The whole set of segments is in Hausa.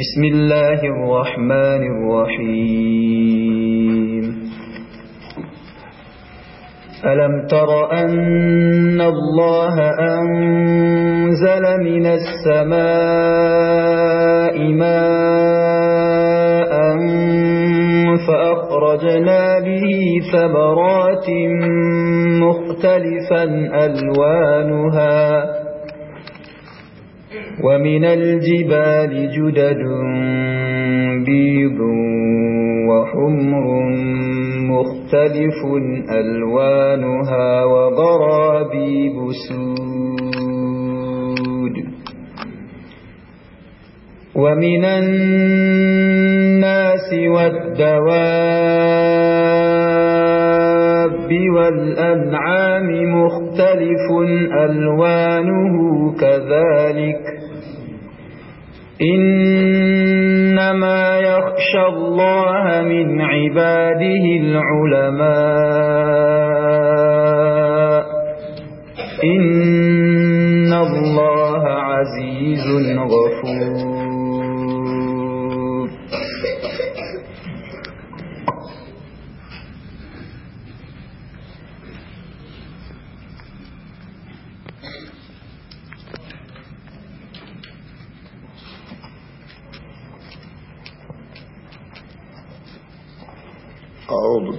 بسم الله الرحمن الرحيم ألم تر أن الله أنزل من السماء ماء فأخرجنا به ثمرات مختلفا ألوانها ومن الجبال جدد بيض وحمر مختلف ألوانها وضرابي بسود ومن الناس والدواب والأنعام مختلف ألوانه كذلك إنما يخشى الله من عباده العلماء إن الله عزيز غفور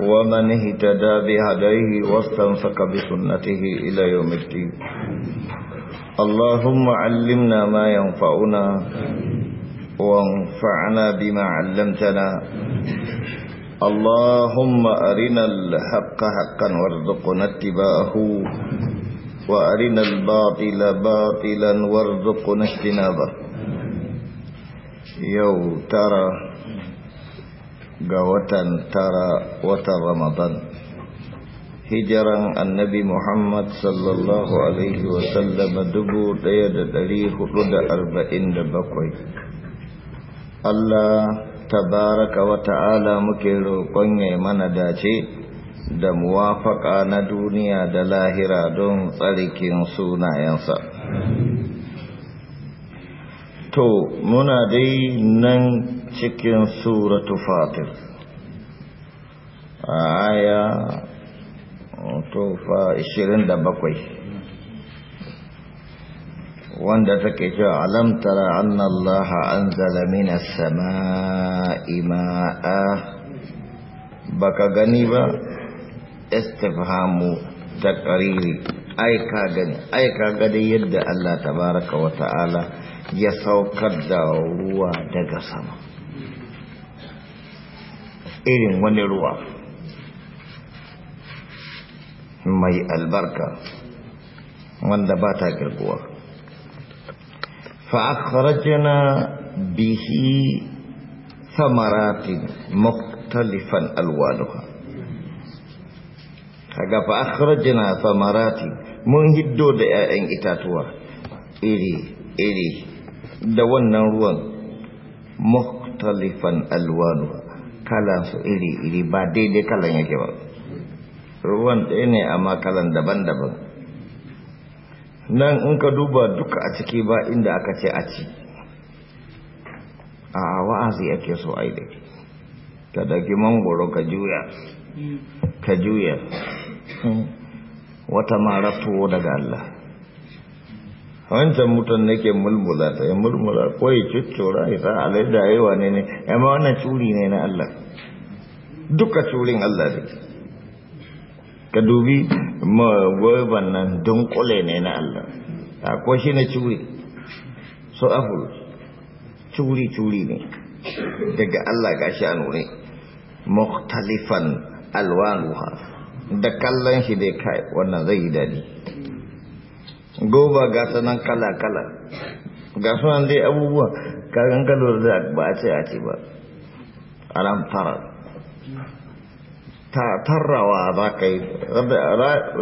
ومن اهتدى بهديه واستنصك بسنته إلى يوم الدين اللهم علمنا ما ينفعنا وانفعنا بما علمتنا اللهم أرنا الحق حقا وارزقنا اتباعه وأرنا الباطل باطلا وارزقنا اجتنابه يو ترى ga watan tara watan ramadan hijiran annabi muhammad sallallahu alaihi wasallama dubu daya da dari hudu da arba'in da bakwai allah tabaraka wa ta'ala muke roƙon ya mana dace da muwafaƙa na duniya da lahira don tsarikin sunayensa to muna dai nan cikin suratu fatir aya tufa 27 wanda take cewa alam tara anzala minas sama'i ma'a baka gani ba istifhamu taqriri ai ka gani ai ka gani yadda Allah tabaraka wa ta'ala ya saukar da ruwa daga sama irin wani ruwa mai albarka wanda ba ta girguwa fa'akharajina bihi samaratin muktalifan alwanuka kaga fa'akharajina samaratin mun hiddo da 'ya'yan itatuwa iri iri da wannan ruwan muktalifan alwanuka kalan su iri-iri ba daidai kalan yake ba ruwan ɗaya ne amma kalan daban-daban nan in ka duba duka a ciki ba inda aka ce a ci a wa'azi ake so a yi da ta daki mangoro ka juya ka juya hmm. wata mara tuwo daga Allah wancan mutum nake mulmula ta yi mulmula ko yi cuccura ya sa alai da yawa ne ne amma wannan curi ne na Allah duka curin Allah ne ka dubi gwaiban nan dunkule ne na Allah ko shi na curi so aful curi curi ne daga Allah shi a nune mukhtalifan alwanuwa da kallon shi dai kai wannan zai yi dadi goba ga sanan kala-kala ga sunan dai abubuwa kagan kalor da ba a ce a ce ba alam tara tarrawa za ka yi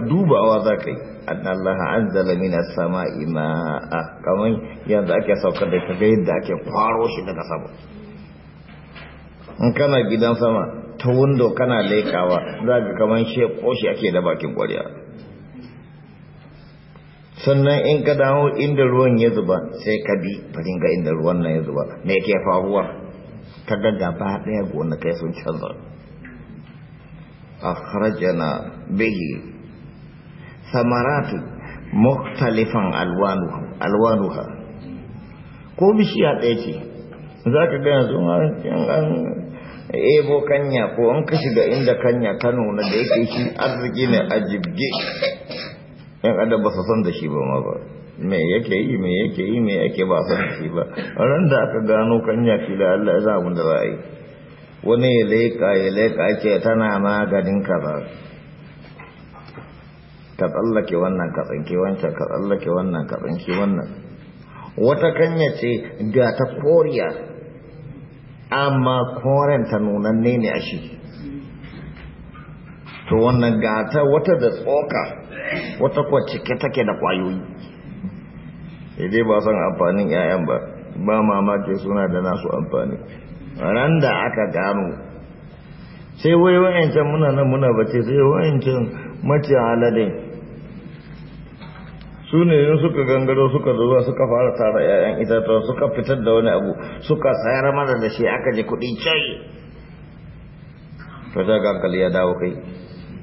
dubawa za ka yi Allah an zalamina sama a kamar yadda ake saukar da gayin da ake kwaro shi daga sama in kana gidan sama ta wundo kana laikawa za ka kamar shi ake da bakin kwariya sannan in ka dawo inda ruwan ya zuba sai ka bi farin ga inda ruwan nan ya zuba me yake faruwa ka ga ba daya gona kai sun canza akhrajana bihi samaratu muktalifan alwanuha ko bishiya ɗaya ce za ka gaya yanzu an ebo kanya ko an ka shiga inda kanya Kano na, da yake shi arziki ne a jibge yan adam ba su san da shi ba ma ba me yake yi me yake yi me yake ba san da shi ba ran da aka gano kanya da Allah ya za mu da za yi wani ya leka ya leka ce tana maganin kaza ka tsallake wannan ka tsanke wancan ka tsallake wannan ka tsanke wannan wata kanya ce ga ta koriya amma koren ta nunanne ne a shi to wannan gata wata da tsoka wata kuwa cike take da kwayoyi idai ba san amfanin 'ya'yan ba ba mamaki suna da nasu amfani ran da aka gano sai wai wayancan muna nan muna bace sai wayancan mace halalin. su ne yin suka gangaro suka zuwa suka fara tara 'ya'yan itatuwa suka fitar da wani abu suka sayar mana da shi aka ji kudi cai Ta ta gankali ya dawo kai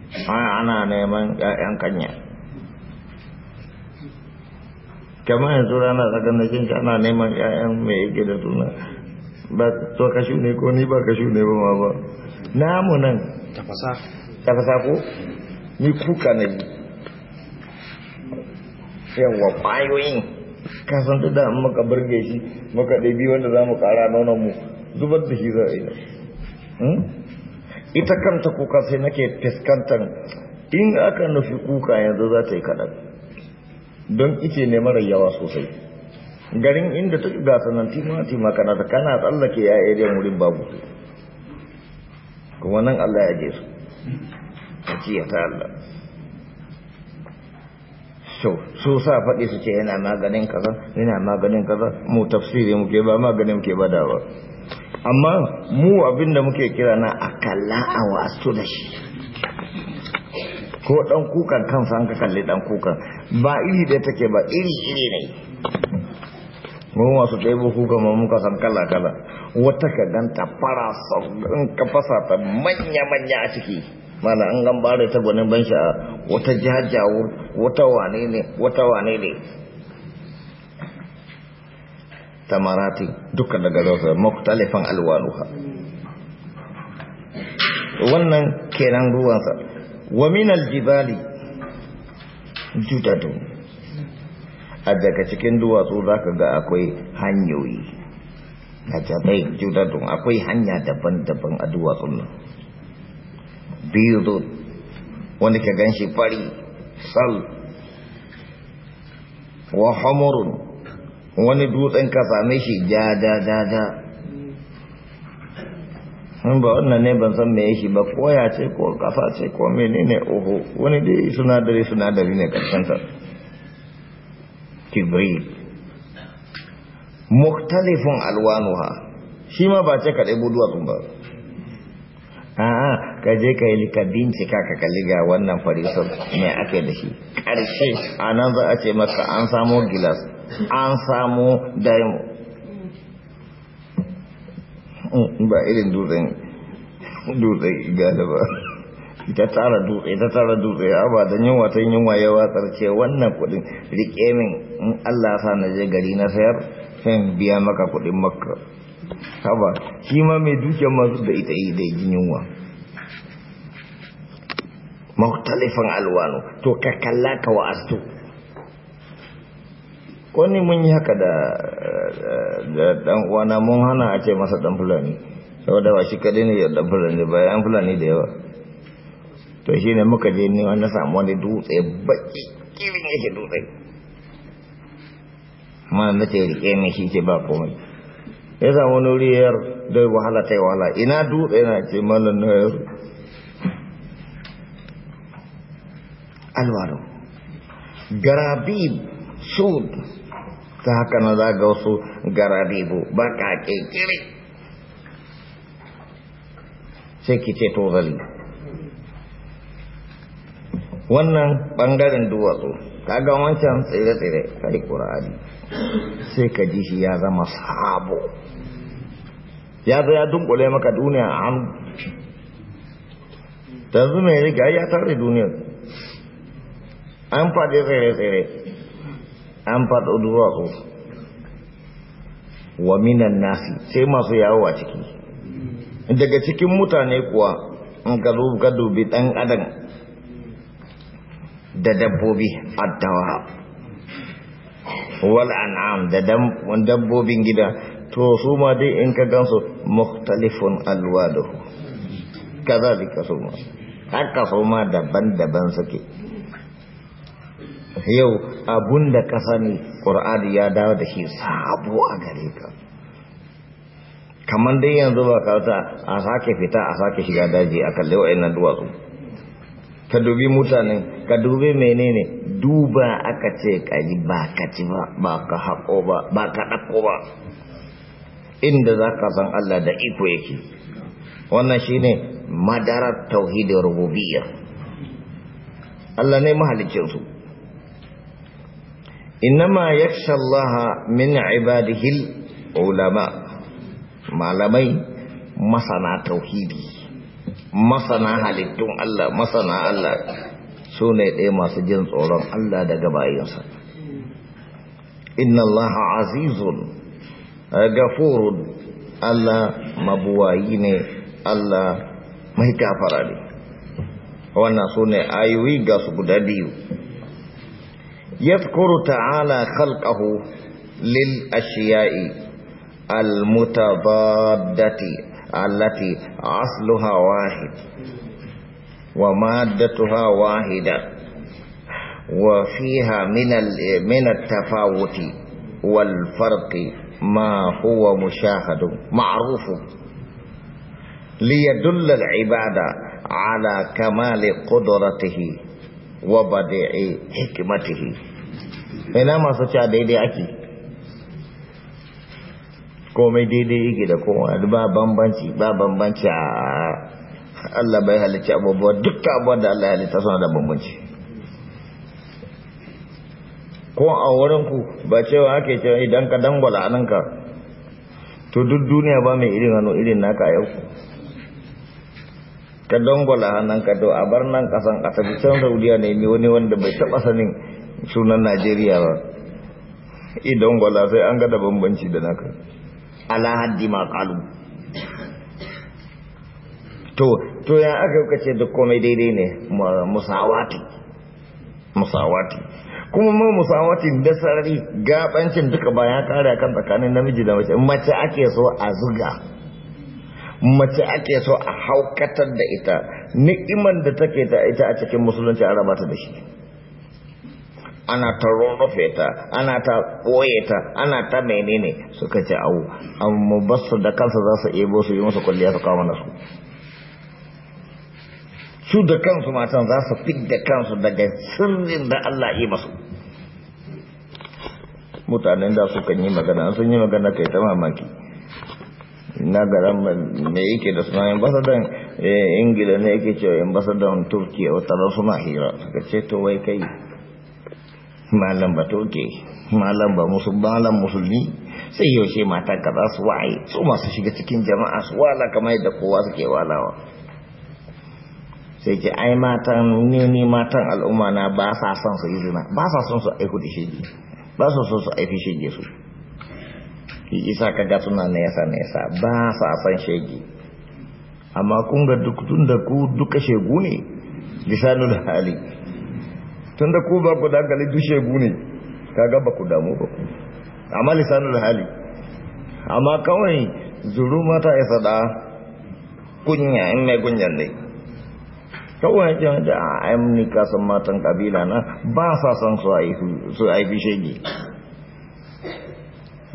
Ah, ana neman ƴaƴan kanya kamar yanzu rana daga na jinka ana neman ƴaƴan mai yake da suna ba to kashu ne ko ni ba kashu ne ba ma ba namu nan tafasa tafasa ko ni kuka ne. yi yawa ƙwayoyin kasan duk da muka burge shi muka ɗabi wanda za mu ƙara nonon mu zubar da shi za a yi hmm? ita kanta kuka sai nake fuskantar in aka nufi kuka yanzu za ta yi kaɗan don ice ne mara yawa sosai garin inda ta ga sanan tima kana ta kana tsallake ya ariyan wurin babu kuma nan Allah ya je a ciye ta Allah so so sa faɗi su ce yana maganin kaza yana maganin kaza mu tafsiri muke ba maganin muke ba da ba amma mu abinda muke kira na akalla a wasu da shi ko dan kukan kan san ka kalli dan kukan ba iri da take ba iri iri ne mun wasu bu kuka ma muka san kala kala wata ka ganta fara in ka fasa ta manya manya a ciki mana an gan bare ta gwanin ban sha wata jajawur wata wane ne wata wane ne tamarati dukkan daga zafi muktalifan alwanuha wannan kenan ruwansa wa min aljibali judadun a daga cikin duwatsu za ka ga akwai hanyoyi na jabai judadun akwai hanya daban-daban a duwatsun nan biyu wani ka gan shi fari sal wa hamurun wani dutsen ka same shi ja ja ja ja sun ba wannan ne ban san me shi ba koya ce ko kafa ce ko menene oho wani dai sunadari sunadari ne sa tibril muktalifun alwanuha shi ma ba ce kaɗai buduwa sun ba a'a ka je ka yi ka bincika ka kalli ga wannan farisar mai ake da shi ƙarshe a nan za a ce maka an samo gilas an samu daimu mm, ba irin dutsen dutsen igala ba ita tara dutse ita tara dutse ba don yunwa watan yunwa ya watsar ce wannan kudin rike min in Allah sa na je gari na sayar sai biya maka kudin makka haba shi ma mai dukiyar masu da ita yi da yunwa mautalifin alwano to ka kalla ka wa'astu wani mun yi haka da dan uwana mun hana a ce masa dan fulani saboda ba shi kadai ne dan fulani ba yan fulani da yawa to shi ne muka je ne wani samu wani dutse baki kirin yake dutse amma na ce rike ne shi ce ba komai ya samu wani riyar da wahala ta yi wahala ina dutse na ce malam na yaro alwaro garabib sun. ta haka na za ga wasu garabibu baƙaƙe kiri sai ki ce tozali wannan ɓangaren duwatsu ga wancan tsere-tsere, tsire kari ƙura'adi sai ka ji shi ya zama sabo ya zo ya dunkule maka duniya a hannu yanzu mai riga ya tare duniyar an faɗi tsere-tsere an faɗo duwatsu wa minan nasi sai masu yawo a ciki daga cikin mutane kuwa in ka dubi ɗan adam da dabbobi addawa wal an'am da dabbobin gida to su ma dai in ka gansu mukhtalifun alwaduhu kazalika su ma haka su ma daban-daban suke yau abun da ka sani ƙur'ani ya dawo da shi sabo a gare ka kamar dai yanzu ba ta, a sake fita a sake shiga daji a kalle ina duwatsu ka dubi mutane ka dubi menene duba aka ce kaji ba ka ci ba ba ka haƙo ba ba ka ɗako ba inda za ka san Allah da iko yake wannan shine madarar tauhidin rububiyya Allah ne su innama yakhsha Allah min ibadihi ulama malamai masana tauhidi masana halittun Allah masana Allah su ne ɗaya masu jin tsoron Allah daga bayansa innallaha Allah azizun gafurun Allah mabuwayi ne Allah mai gafara ne wannan su ne ayoyi ga su guda biyu يذكر تعالى خلقه للأشياء المتضادة التي أصلها واحد ومادتها واحدة وفيها من من التفاوت والفرق ما هو مشاهد معروف ليدل العباد على كمال قدرته وبديع حكمته ina masu cewa daidai ake komai daidai yake da kowa ba bambanci ba bambanci a Allah bai halicci abubuwa dukkan abubuwan da Allah halitta suna da bambanci ko a wurinku ba cewa ake cewa idan ka dangwala ka to duk duniya ba mai irin hannu irin naka yau ka dangwala hannun ka to a bar nan kasan asali can saudiya ne wani wanda bai taba sanin sunan najeriya ba idan gwala sai an gada bambanci da naka ala haddi ma kalu to to ya aka kace duk komai daidai ne musawati musawati kuma ma musawati da sarari gabancin duka ba ya kare kan tsakanin namiji da mace mace ake so a zuga mace ake so a haukatar da ita ni'imar da take ta ita a cikin musulunci an raba da shi ana ta rufe ta ana ta ɓoye ta ana ta menene suka ce au amma ba su da kansu za su ebo su yi musu kwalliya su kawo su su da kansu matan za su da kansu daga sirrin da Allah yi masu mutanen da kan yi magana sun yi magana kai ta mamaki na garan mai yake da suna ambasadan eh, ingila ne yake cewa ambasadan turkiya wata suna hira suka ce to wai kai malam ba toke malam ba musu malam musulmi sai yaushe mata za su wa'ai su masu shiga cikin jama'a su wala kamar yadda kowa suke walawa sai ke ai matan ne ni matan al'umma na ba sa son su yi zina ba sa son su aiku da shige ba sa son su aiki shige su isa ga suna nesa nesa ba sa son shige amma kun ga duk tun da ku duka shegu ne lisanul hali tun da ku ba ku da dushe ne kaga gaba ku damu ba ku amma lisanin hali amma kawai zuru mata ya sada kunya in mai kunyan ne kawai ya da a ah, kasan matan kabila na ba sa san su haifi shege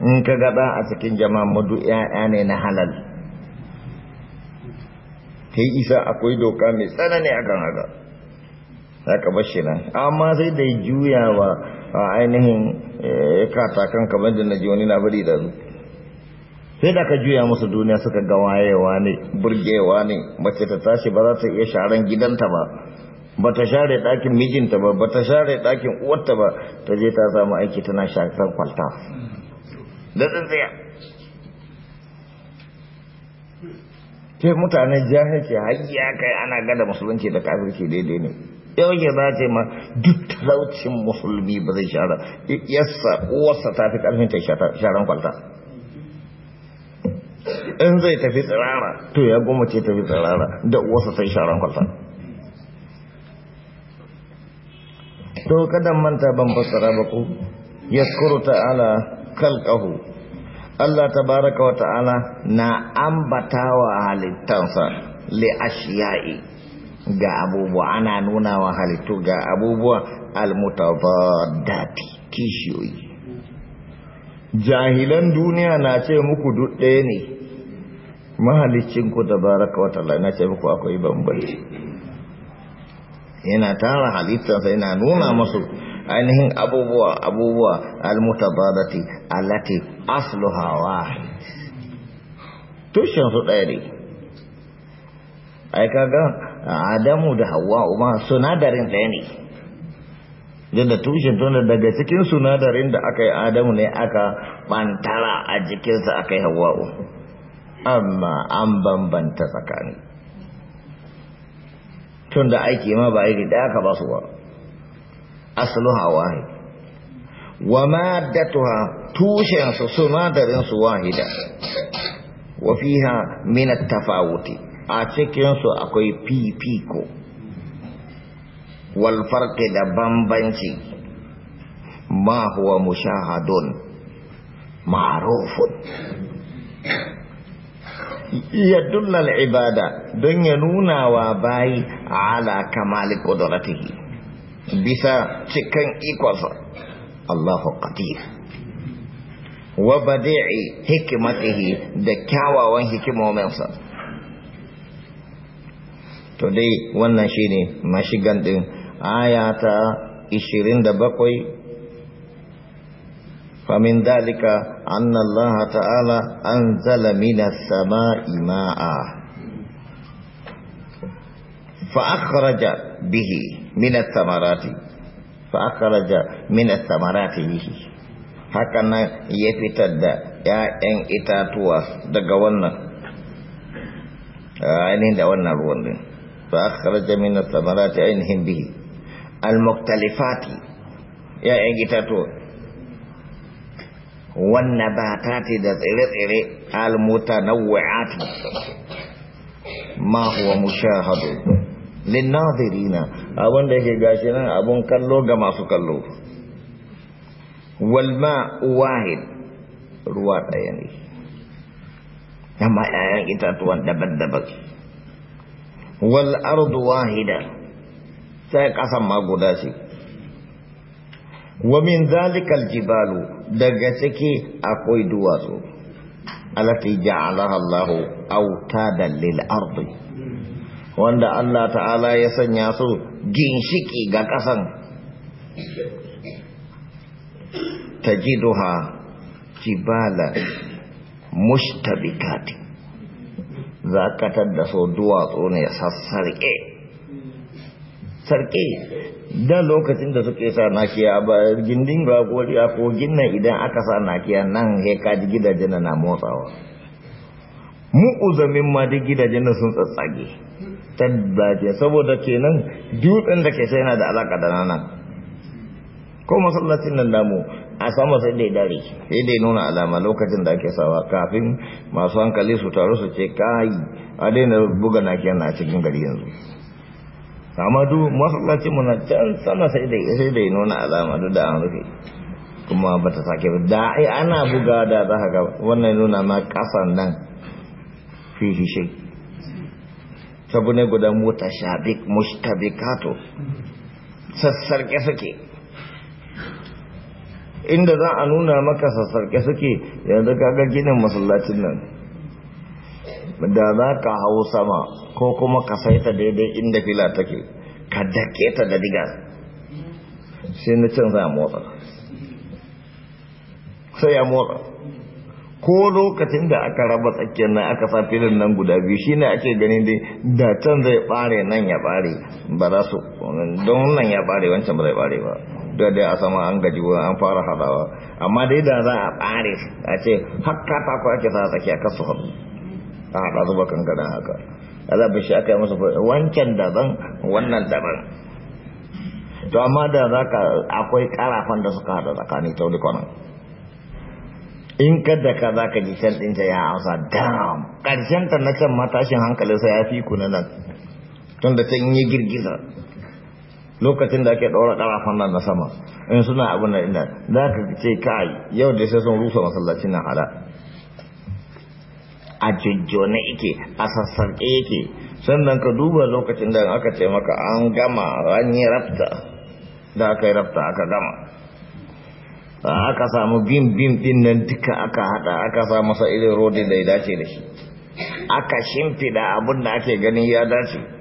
in ka gada a cikin jama'a madu ya'ya ne na halal kai isa akwai doka mai tsanani akan haka za ka bashi shi nan amma sai da juya wa a ainihin eh, katakan kamar da na ji wani bari da zu sai da ka juya musu duniya suka ga wayewa ne burgewa ne mace ta tashi ba za ta iya sharan gidanta ba ba ta share ɗakin mijinta ba ba ta share ɗakin uwarta ba ta je ta samu aiki tana shakar kwalta da tsintsiya ke mutane jahilci har ya kai ana gada musulunci da kafirci daidai ne ya ba ce ma duk talaucin musulmi ba zai shara yassa wasa ta fi karfin ta sharan kwalta in zai tafi tsirara to ya goma ce tafi tsirara da wasa sai sharan kwalta to kada manta ban fassara ba ku yaskuru ta'ala kalqahu Allah tabaraka wa ta'ala na ambatawa halittansa li ashiya'i ga abubuwa ana nuna wa halittu ga abubuwa almutadadati kishiyoyi jahilan duniya na ce muku duk ɗaya ne ku da baraka wata na ce muku akwai bambanci yana tara sai na nuna masu ainihin abubuwa abubuwa almutabadati allati asluha wa. tushen su ɗaya ne ai kaga adamu da Hauwa ma sunadarin ɗaya ne yadda tushen tunda daga cikin sunadarin da aka yi adamu ne aka bantara a jikinsa aka yi Hawwa amma an bambanta tsakani tun da aiki ma ba iri ɗaya ka ba su ba asalu hawa wa maddatuha tushensu sunadarinsu wahida wa fiha min at-tafawuti a cikinsu akwai fifiko walfarki da bambanci ma huwa mushahadun ma'arufun ya dullal ibada don ya nuna wa bayi ala kamali kudratihi bisa cikin ikonsa Allahu qadir wa badi'i hikmatihi da kyawawan hikimominsa to dai wannan shi ne mashigan ɗin aya ta 27 famin dalika annallaha ta'ala an zala minas sama ima'a fa'akaraja bihi minas samarati fa'akaraja minas samarati bihi haka nan ya fitar da ‘ya’yan itatuwa daga wannan ainihin da wannan ruwan din’ فأخرج من الثمرات عينهم به المختلفات يا إنجتاتو والنباتات ذات المتنوعات ما هو مشاهد للناظرين أبن ده جاشنا أبن كلو جما سكلو والماء واحد رواتا يعني ne يا ‘ya'yan itatuwan daban wal ardu wahida sai kasan ma guda ce wa min zalikal jibalu daga ciki akwai duwatsu alati ja'alaha Allah autadan lil ardi wanda Allah ta'ala ya sanya su ginshiki ga kasan tajiduha jibala mushtabikati zakatar da so duwatsu ne sassarƙe sarƙe da lokacin da suke sa nakiya ba gindin ba ko ginna idan aka sa nakiya nan he kaji gidajen na motsawa mu uzamin ma duk gidajen sun tsatsage tabbace saboda kenan dutsen da ke sai yana da alaka da nan ko masallacin nan namu a sama sai dai dare sai dai nuna alama lokacin da ake sawa kafin masu hankali su taru su ce kai a daina buga na kenan a cikin gari yanzu amma duk masallacin mu na can sama sai dai sai dai nuna alama duk da an rufe kuma ba ta sake ba da ai ana buga da za ka ga wannan nuna ma kasan nan fi shi sabu ne guda mota shabik mushtabikato sassarke suke inda za a nuna maka sassarke suke yanzu kaga ginin masallacin nan da za ka hau sama ko kuma ka saita daidai inda fila take ka dake ta da diga sai na cin za a motsa sai ya motsa ko lokacin da aka raba tsakiyar nan aka sa filin nan guda biyu shi ne ake gani dai da can zai bare nan ya bare ba za su don nan ya bare wancan ba zai bare ba da dai a sama an gaji wurin an fara hadawa amma dai da za a bare a ce hakka ta ko ake sa tsakiya kasu hadu a hada zuba gada haka Allah bai aka yi masa wancan daban wannan daban to amma da za ka akwai karafan da suka hada tsakanin taulikon in kada ka za ka ji can ya amsa dam ƙarshen ta na can matashin hankalin sa ya fi ku nan tun da in yi girgiza lokacin da ake ɗora ƙarafan nan na sama in suna abin da inda za ka ce kai yau da sai sun rusa masallacin na ala a jujjone yake a sassan yake sannan ka duba lokacin da aka ce maka an gama an yi rafta da aka yi rafta aka gama aka samu bim bim din nan duka aka hada aka samu sa irin rodin da ya dace da shi aka shimfida abin da ake ganin ya dace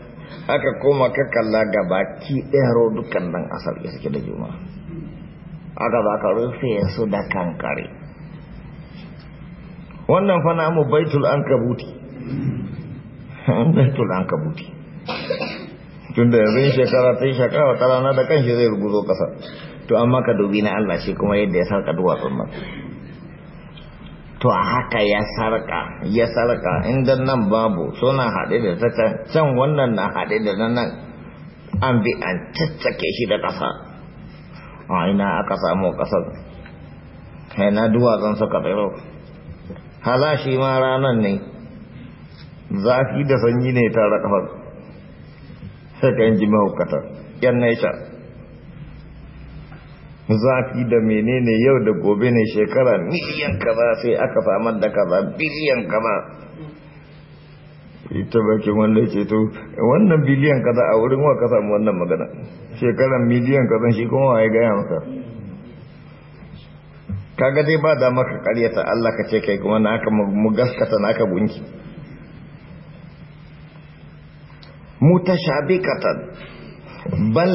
aka koma ka kalla gabaki ɗaya dukkan nan asar ya suke da juma aka ba ka rufe su da kankare wannan fana mu baitul an kabuti baitul an kabuti tun da yanzu shekara ta yi shekara wata rana da kanshi zai rubuzo kasa to amma ka dubi na Allah shi kuma yadda ya sarka duwatsun nan to haka ya sarka ya sarka inda nan babu suna haɗe da ta can can wannan na haɗe da nan an bi an caccake shi da ƙasa a ina aka samu ƙasar haina duwatsun suka tsiro shi ma ranar ne zafi da sanyi ne tare ƙafar sai ka yin ji hukatar yan nature zafi da menene yau da gobe ne shekara miliyan kaza sai aka samar da kaza biliyan kaza ita bakin wanda ce to wannan biliyan kaza a wurin wa samu wannan magana shekarar miliyan kaza shi kuma waye gaya maka kaga dai ba da maka karyata Allah ka ce kai kuma naka mu gaskata naka gunki mutashabikatan bal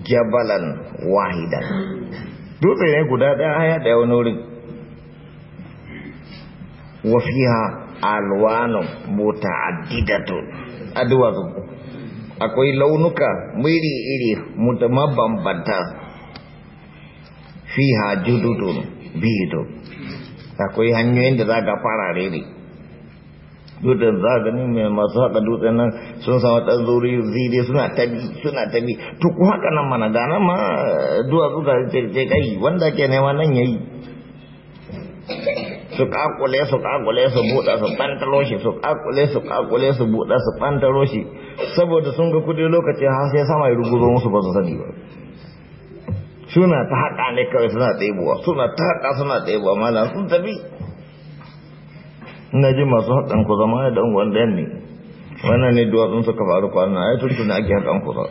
jabalan wahidan dutse ne guda ɗaya haya da wani wurin wafiha alwano muta'addidatu aduwa akwai launuka miri iri mabambanta fiha jududun bido akwai hanyoyin da za ga fara rere dutsen za ga masu haka dutsen nan sun sa wata zuri zide suna tabi suna tabi to ku haka nan mana da nan ma eh, duwatsu ga ce kai wanda ke nema nan yayi su kakule su kakule su buɗa su pantalo shi su kakule su kakule su buɗa su pantalo shi saboda sun ga kudi lokaci har sai sama ya ruguzo musu ba su sani ba suna ta haka ne kawai suna ɗebuwa suna ta haka suna ɗebuwa malam sun tafi ina ji masu haɗan ku zama da ɗan wanda ne wannan ne duwatsun suka faru kwanan ya tuntun na ake hakan kusa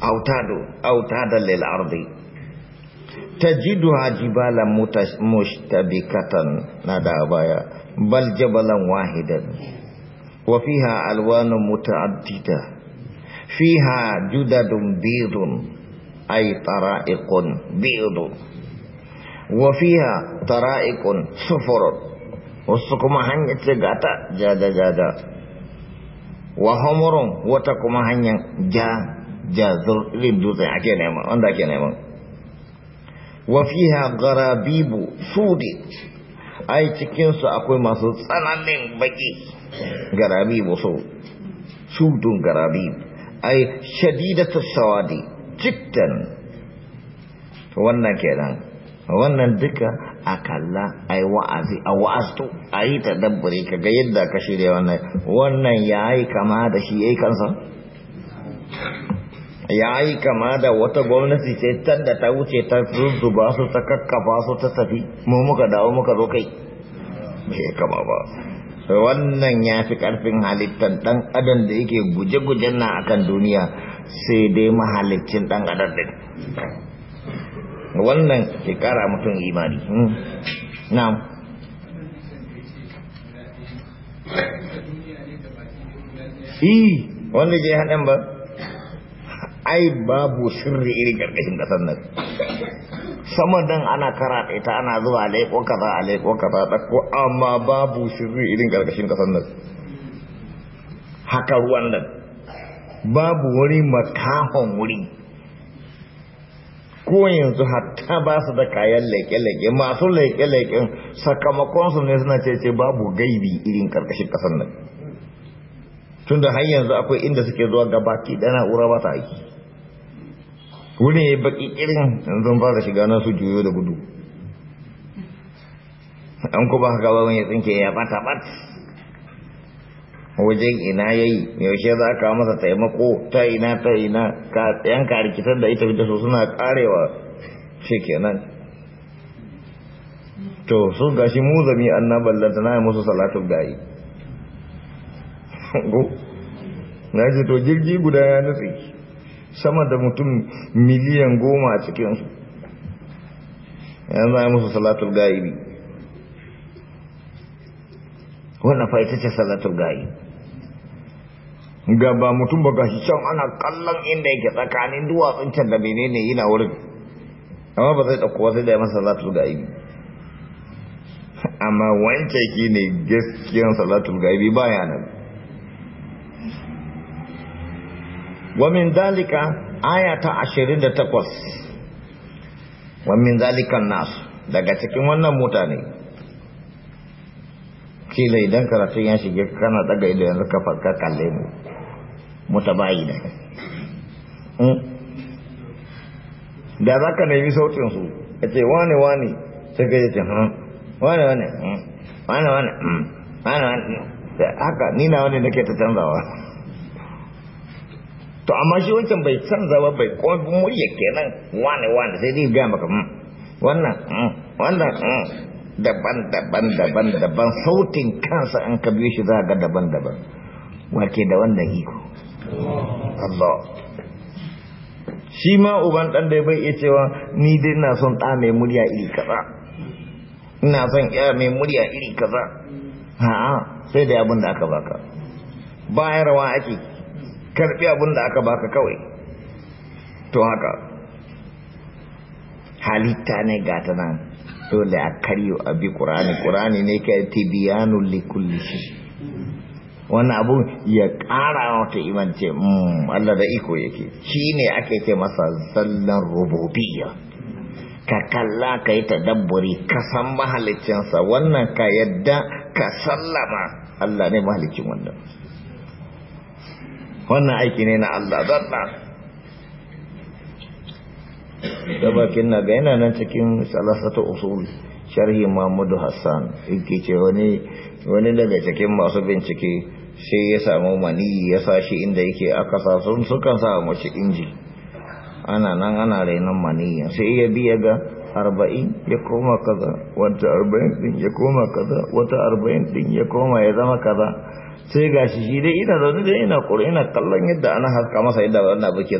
autado autadan lil ardi tajiduha jibalan mushtabikatan nada baya bal jabalan wahidan wa fiha alwanun mutaaddida fiha judadun bidun ay tara'iqun bidun wa fiha tara'iqun sufurun wasu kuma hanya ce gata jada-jada wa hamurun wata kuma hanyar ja jazur irin dutse ake neman wanda ake neman wa fiha garabibu sudi ai cikinsu akwai masu tsananin baki garabibu su sudun garabibu ai shadidatu sawadi cikin wannan kenan wannan duka a kalla a yi wa'azi a wa'azto a yi ta dabbare ka ga yadda ka shirya wannan wannan ya yi kama da shi ya eh, yi kansa ya yi kama da wata gwamnati ce can da ta wuce ta zuzzuba su ta kakkafa su ta tafi mu muka dawo muka zo kai bai kama ba wannan ya fi karfin halittar dan adam da yake guje-gujen na akan duniya sai dai mahalicin dan adam din wannan ke kara mutum imani hmm. na'am shi wanda ke haɗin ba ai babu sirri irin ƙarƙashin ƙasar nan sama don ana karaɗe ta ana zuwa laiko kaza a laiko kaza ɗakko amma babu sirri irin ƙarƙashin ƙasar nan haka ruwan nan babu wani makahon wuri ko yanzu hatta ba su da kayan leke-leke masu leke-leken sakamakonsu ne suna ce ce babu gaibi irin karkashin kasar nan tun da har yanzu akwai inda suke zuwa gabaki da na'ura ba ta aiki wuri ya baki irin yanzu fara shiga nan su juyo da gudu an kuma haka ba wani tsinke ya bata bat wajen ina ya yi yaushe za ka masa taimako ta ina ta ina ka yanka rikitar da ita da su suna karewa shi kenan to sun gashi mu zami annaban lantana ya musu salatu gayi na ce to jirgi guda ya nutse sama da mutum miliyan goma a cikinsu yanzu ya musu salatu gayi wannan fa ita ce salatu gayi ga ba mutum ba gashi can ana kallon inda yake tsakanin duwatsun can da menene yana wurin amma ba zai ɗauko sai da ya masa zatul ga'ibi amma wancan ki ne gaskiyan salatul ga'ibi ba ya nan wamin zalika aya ta ashirin da takwas wamin zalikan nasu daga cikin wannan mutane kila idan karatun ya shige kana daga idan yanzu ka farka kalle mu mutabayina hmm? da za ka nemi sautinsu ya ce wane wane sai ka yi ce hmm. wane wane hmm. wane wane wane wane haka ni na wani nake ta canzawa to amma shi wancan bai canzawa ba bai kofin murya kenan wane wane sai dai gaya maka wannan wannan daban daban daban daban sautin kansa an ka shi za ga daban daban wake da wannan iko Allah shi ma uban ɗan da bai iya cewa ni dai na son ɗa mai murya iri kaza ina son ya mai murya iri kaza Ha'a, sai da abin da aka baka bayarwa ake karɓi abin da aka baka kawai to haka halitta ne ga ta nan dole a karyo bi ƙurani ƙurani ne ka tibiyanu likulli shi wannan abu ya ƙara wata imance hmm, Allah da iko yake shi ne ake ce masa zallan rububiyya ka kalla ka yi tadabburi ka san mahalicinsa wannan ka yadda ka sallama Allah ne mahalicin wannan wannan aiki ne na Allah zalla da na ga yana nan cikin salasata usul sharhi mahmudu hassan yake ce wani daga cikin masu bincike sai ya samu mani ya sashi inda yake aka sa sun sukan sa mace inji ana nan ana rainon maniyi sai ya biya ga arba'in ya koma kaza wata arba'in din ya koma kaza wata arba'in din ya koma ya zama kaza sai ga shi shi dai ina zaune da ina kuri ina kallon yadda ana haska masa yadda wannan abu ke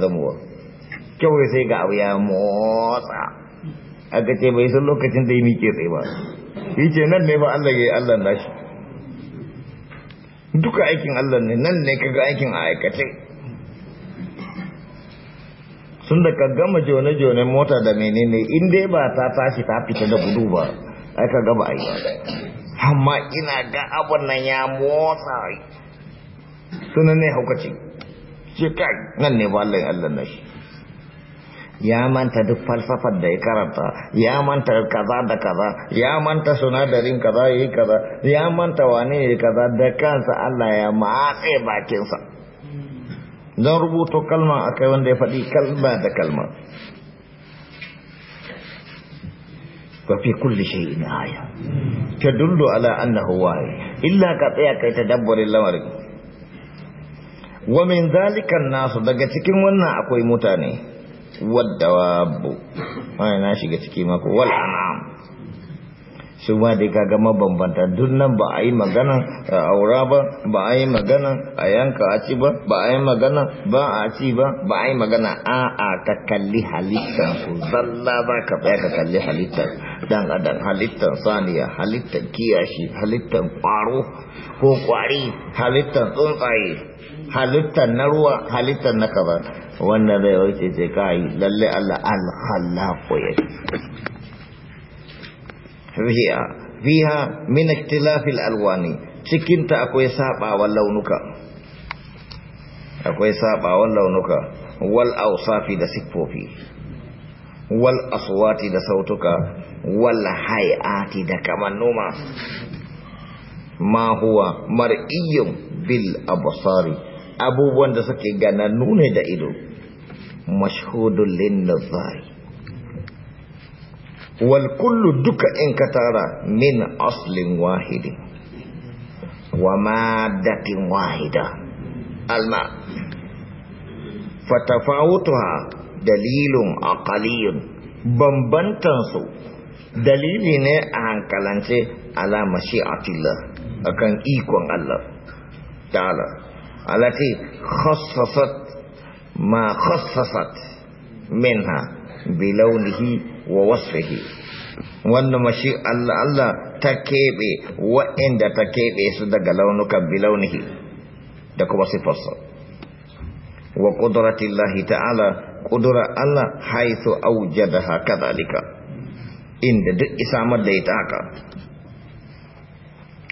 kyau sai ga abu ya motsa aka ce bai san lokacin da ya mike tsaye ba shi ce nan ne ba Allah ya yi Allah nashi duka aikin Allah ne nan ne kaga aikin a aikace sun da ka gama jone-jone mota da menene in dai ba ta tashi ta fita da gudu ba ai ka gaba ai amma ina ga abun nan ya motsa sunan ne haukaci ce kai nan ne ba Allah Allah na shi ya manta duk falsafar da ya karanta ya manta kaza da kaza ya manta sunadarin kaza ya yi kaza ya manta wani ya kaza da kansa Allah ya matse bakinsa don rubuto kalma a kai wanda ya faɗi kalma da kalma ba fi kulle shi yi na aya ta dullo ala huwa waye illa ka tsaya kai ta dabbarin lamarin wa min zalikan nasu daga cikin wannan akwai mutane waddawabu wani na shiga ciki mako wal an'am su ma dai kaga mabambanta duk nan ba a yi magana a aura ba ba a yi magana a yanka a ci ba ba a yi magana ba a ci ba ba a yi magana a a ka kalli halittar su zalla ba ka tsaya ka kalli halittar dan adam halittar saniya halittar kiyashi halittar kwaro ko kwari halittar tsuntsaye halittar na ruwa halittar na kaza wannan zai wace ce kai lalle Allah al-khallaqu ya fiha fiha min ikhtilaf al-alwani cikin ta akwai sabawa launuka akwai sabawa launuka wal awsafi da sifofi wal aswati da sautuka wal hayati da kamannuma ma huwa mar'iyyun bil absari abubuwan da suke gana ne da ido mashhudun lin nazari wal kullu duka in ka tara min aslin wahidin wa madatin wahida alma fatafawutuha dalilun aqaliyun su. dalili ne a hankalance ala mashi'atillah akan ikon Allah ta'ala alati khassasat ma minha bi launihi wa wasfihi wannan mashi Allah Allah ta kebe waɗanda ta kebe su daga launukan bilaunihi da kuma sifarsa wa ƙudratillahi ta'ala qudrat Allah haithu aujada haka inda duk isamar da ita haka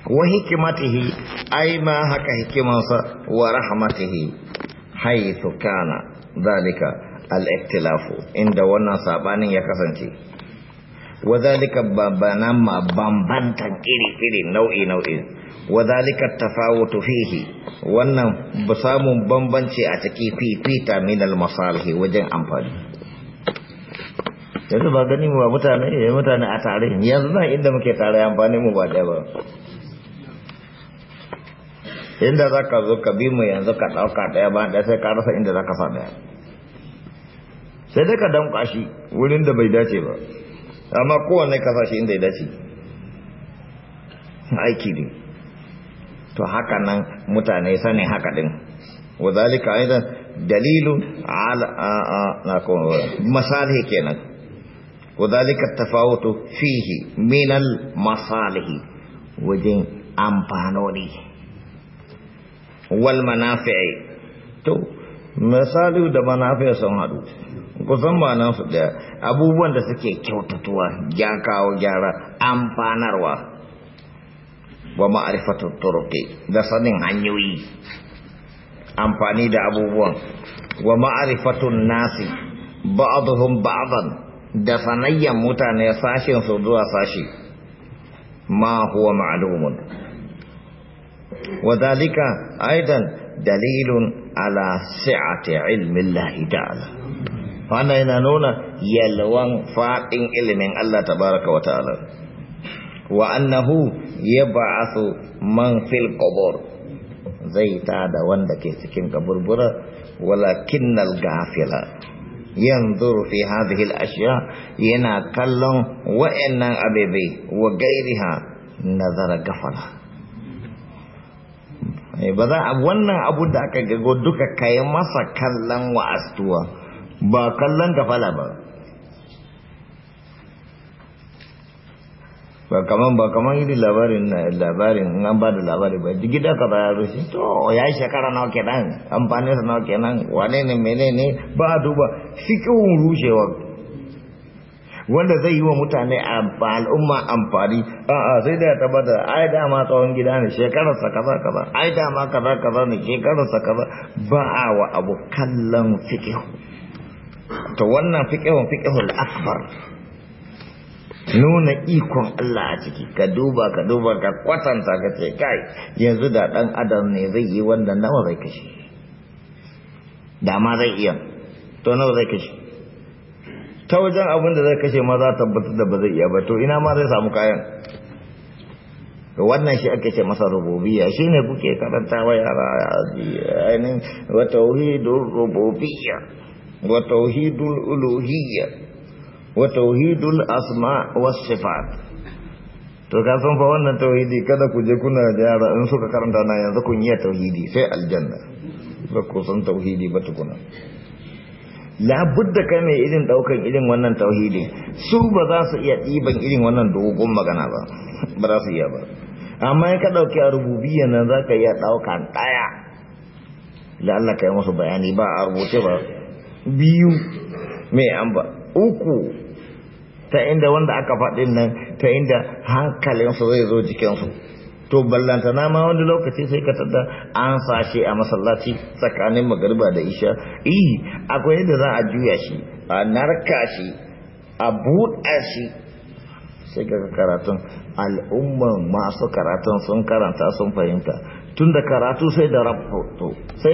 wa hikmatihi ai ma haka hikimansa wa rahmatihi haithu kana dhalika al-iktilafu inda wannan sabanin ya kasance wadhalika babanama bambanta iri-iri nau'i-nau'i wadhalika tafawutu fihi wannan samun bambanci a cikin fifita min al wajen amfani yanzu ba gani mu ba mutane mutane a tare yanzu za inda muke tare amfani mu ba daya ba inda za ka zo ka bi mu yanzu ka ɗauka ɗaya ba ɗaya sai ka rasa inda za ka sa ɗaya sai dai ka danƙa shi wurin da bai dace ba amma kowanne ka sa shi inda ya dace aiki ne to haka nan mutane sani haka ɗin wa zalika aidan dalilu ala na kuma misali kenan wa zalika tafawutu fihi minal masalihi wajen amfanoni wal manafi'i to misalu da manafi'a sun haɗu kusan ba su da abubuwan da suke kyautatuwa ya kawo gyara amfanarwa wa ma'arifatar turuki da sanin hanyoyi amfani da abubuwan wa ma'arifatun nasi ba'aduhun ba'dan da sanayyan mutane sashen su zuwa sashi ma huwa ma'lumun وذلك أيضا دليل على سعة علم الله nuna فأنا هنا ilimin Allah فاقين علم الله تبارك وتعالى وأنه يبعث من في القبور zai tada wanda ke cikin kaburbura walakinnal gafila yanzuru fi hadhihi al-ashya yana kallon wa'annan abebe wa gairiha nazara gafala Eh, ba za a wannan abu da aka gago duka kai masa kallon wa'astuwa ba kallon gafala ba ba kaman ba kaman yi labarin labarin an ba da labari ba duk gida ka ba ya rushe to ya yi shekara nawa kenan amfanin sa nawa kenan wane ne menene ba a duba fikin rushewa wanda zai yi wa mutane al'umma amfani a'a sai da ya tabbata ai ma tsawon gida ne sa kaza kaza ai da, ma kaza kaza ne sa kaza ba a wa abu kallon fiƙihu to wannan fiƙihun fiƙihul akbar nuna ikon Allah a ciki ka duba ka duba ka kwatanta ka ce kai yanzu da dan adam ne zai yi wannan nawa zai kashe da ma zai iya to nawa zai kashe ta wajen abin da zai kashe maza tabbatar da ba zai iya ba to ina ma zai samu kayan wannan shi ake ce masa rububiya shi ne kuke karanta wa yara ainihin wa tauhidul rububiya wa tauhidul uluhiyya wa tauhidul asma wa sifat to ka san fa wannan tauhidi kada ku je kuna yara in suka karanta na yanzu kun yi tauhidi sai aljanna ba ku san tauhidi ba tukuna labudda kai mai irin daukan irin wannan tauhidi, su ba za su iya ɗiban irin wannan dogon magana ba ba za su iya ba amma in ka ɗauki a rububiya nan za ka iya ɗaukan ɗaya da Allah ka yi musu bayani ba a rubuce ba biyu mai ba, uku ta inda wanda aka faɗin nan ta inda hankalinsu zai zo jikinsu to ballantana ma wani lokaci sai ka tada an sashe a masallaci tsakanin magariba da isha eh akwai yadda za a juya shi a narka shi a buɗa shi sai ka karatun al'umman masu karatun sun karanta sun fahimta tun da karatu sai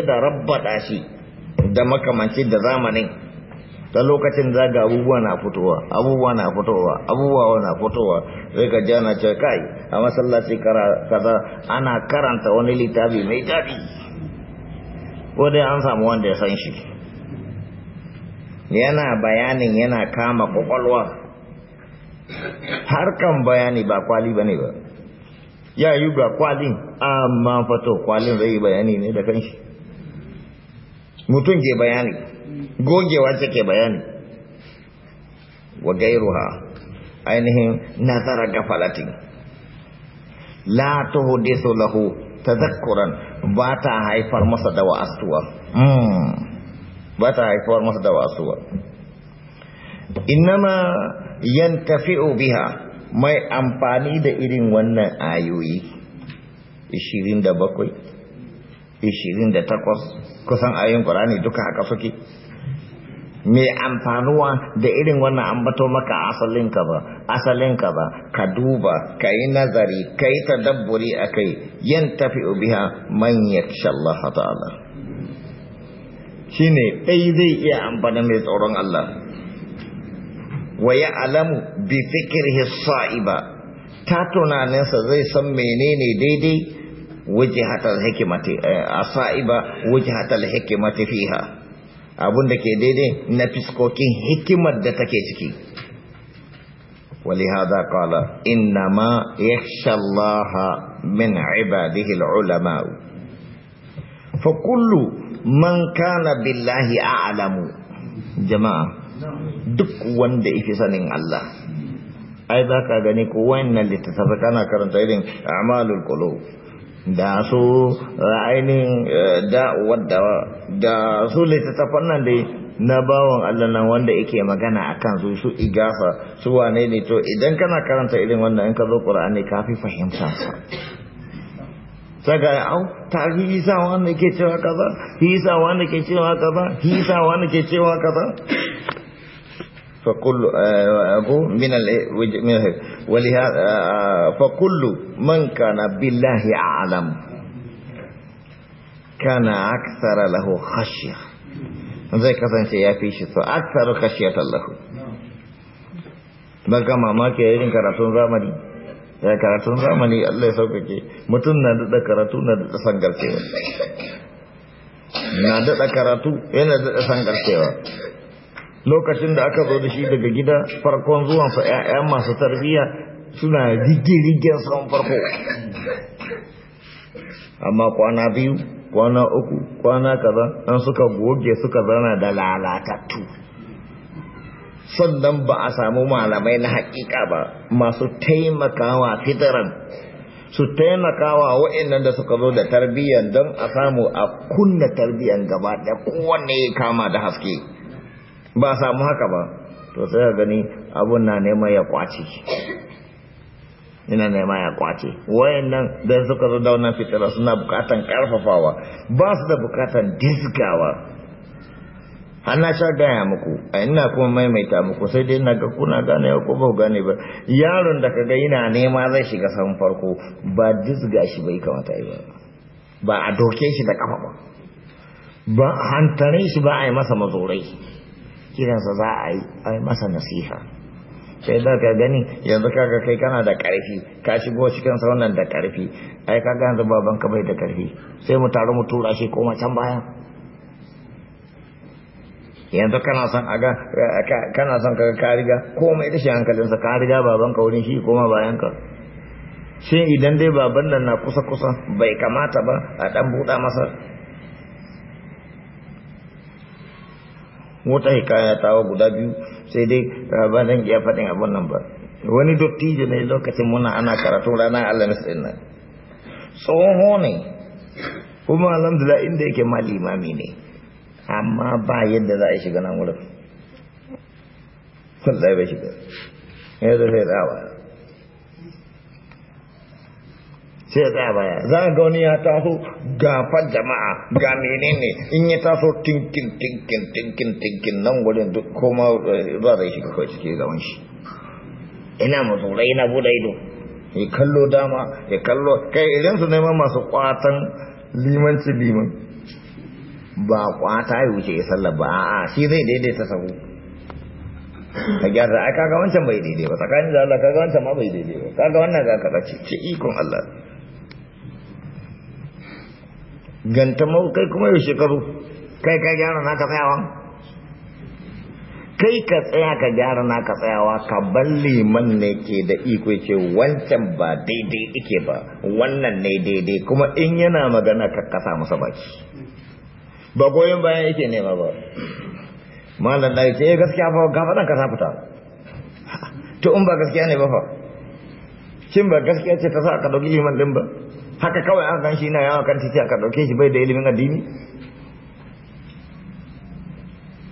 da rabbato shi da makamanci da zamanin da lokacin za ga abubuwa na fitowa abubuwa na fitowa abubuwa na fitowa sai ka jana ce kai a masallaci kaza ana karanta wani littafi mai daɗi ko dai an samu wanda ya san shi yana bayanin yana kama kwakwalwa harkan bayani ba kwali ba ne ba ya yi ga kwalin amma fato kwalin zai bayani ne da kanshi mutum ke bayani gogewar take bayani wa ha ainihin nazara falatin la tuhdisu lahu zakkuran ba ta haifar masa da wa'astuwa hmm, ba ta haifar masa da wa'astuwa innama yantafi'u biha mai amfani da irin wannan ayoyi 27 28 kusan ayoyin ne duka haka suke mai amfanuwa da irin wannan an bato maka asalinka ba asalinka ba ka duba ka yi nazari ka yi dabburi a kai yan tafi biha manyan shallah Allah Shi ne ɗai zai iya amfani mai tsoron Allah wa ya alamu bi fikirhi sa'iba ta tunaninsa zai san menene daidai wajihatal hikimati eh, a sa'iba wajihatal hikimati fiha abun da ke daidai na fiskokin hikimar da take ciki walihada qala inna ma yakhsha Allah min ibadihi alulama fa kullu man kana billahi a'lamu jama'a duk wanda yake sanin Allah ai zaka gane ko wannan litta sabakana karanta irin a'malul qulub da su eh, ainihin eh, da'uwar da su littattafan nan dai na bawon Allah nan wanda yake magana a kan su su igafa su wane ne to idan kana karanta irin wannan in ka zo ƙura'ani ka fi fahimta sa saka au tarihi hisa wanda ke cewa kaza hisa wanda ke cewa kaza hisa wanda ke cewa kaza فكل آه، من الايه ولهذا آه، فكل من كان بالله اعلم كان اكثر له خشيه زي كذا انت يا فيش اكثر خشيه الله ما كما ما كاين كراتون زمني يا كراتون زمني الله يسوقك متن نا دد كراتون نا دد سانغال كيو نا دد كراتو ين دد سانغال كيو lokacin da aka zo da shi daga gida farkon zuwansa 'ya'ya masu tarbiyya suna rige-rigen son farko amma kwana biyu kwana uku kwana kaza an suka goge suka zana da lalatattu sannan ba a samu malamai na hakika ba masu taimakawa fitaran su taimakawa wa'annan da suka zo da tarbiyya don a samu a kunna tarbiyya gaba da kowanne kama da haske ba samu haka ba to sai gani abun na neman ya kwace ina neman ya kwace wayannan da suka zo da wannan suna bukatan karfafawa ba su da bukatan disgawa hana sha gaya muku a ina kuma maimaita muku sai dai na ga kuna gane ya ko ba gane ba yaron da ka gani yana nema zai shiga san farko ba dizga shi bai kamata yi ba ba a doke shi da kafa ba ba hantare shi ba a yi masa mazorai kiransa za a yi masa nasiha sai da ka gani yanzu kaga kai kana da karfi ka shigo cikin sauran da karfi ai kaga yanzu baban ka bai da karfi sai mu taru mu tura shi koma can baya yanzu kana son aga kana son ka ka riga komai da shi hankalinsa ka riga baban ka wurin shi koma bayan ka sai idan dai baban nan na kusa kusa bai kamata ba a dan buɗa masa mota hikaya tawa guda biyu sai dai ah, ba zan iya faɗin abin nan ba wani dottijo ne lokacin muna ana karatu ranar alhamis ɗin nan tsoho ne kuma alhamdulillah inda yake ma limami ne amma ba yadda za a shiga nan wurin kullum bai shiga ya zai tsawa sai tsaya baya za a ga wani eh, ya taso gafar jama'a ga menene in ya taso tinkin tinkin tinkin tinkin nan gudun duk koma ba zai shiga kawai cike gaban shi ina mazurai ina bude ido ya kallo dama ya kallo kai idan su neman masu kwatan limanci liman ba kwata ya wuce ya sallar ba a shi zai daidaita sabu ka gyara a kaga wancan bai daidai ba tsakanin da Allah kaga wancan ma bai daidai ba kaga wannan za ka ce ce ikon Allah Gantama kai kuma yau shekaru kai ka gyara na ka tsayawa kai ka tsaya ka gyara na ka tsayawa ka bar liman ne ke da iko ce wancan ba daidai ike ba wannan ne daidai kuma in yana magana ka kasa masa baki ba goyon bayan yake nema ba malam da ce gaskiya fa gafaran ka ta fita to in ba gaskiya ne ba fa kin ba gaskiya ce ta sa ka dauki liman din ba haka kawai an san shi na yawon kan titi aka ɗauke shi bai da ilimin addini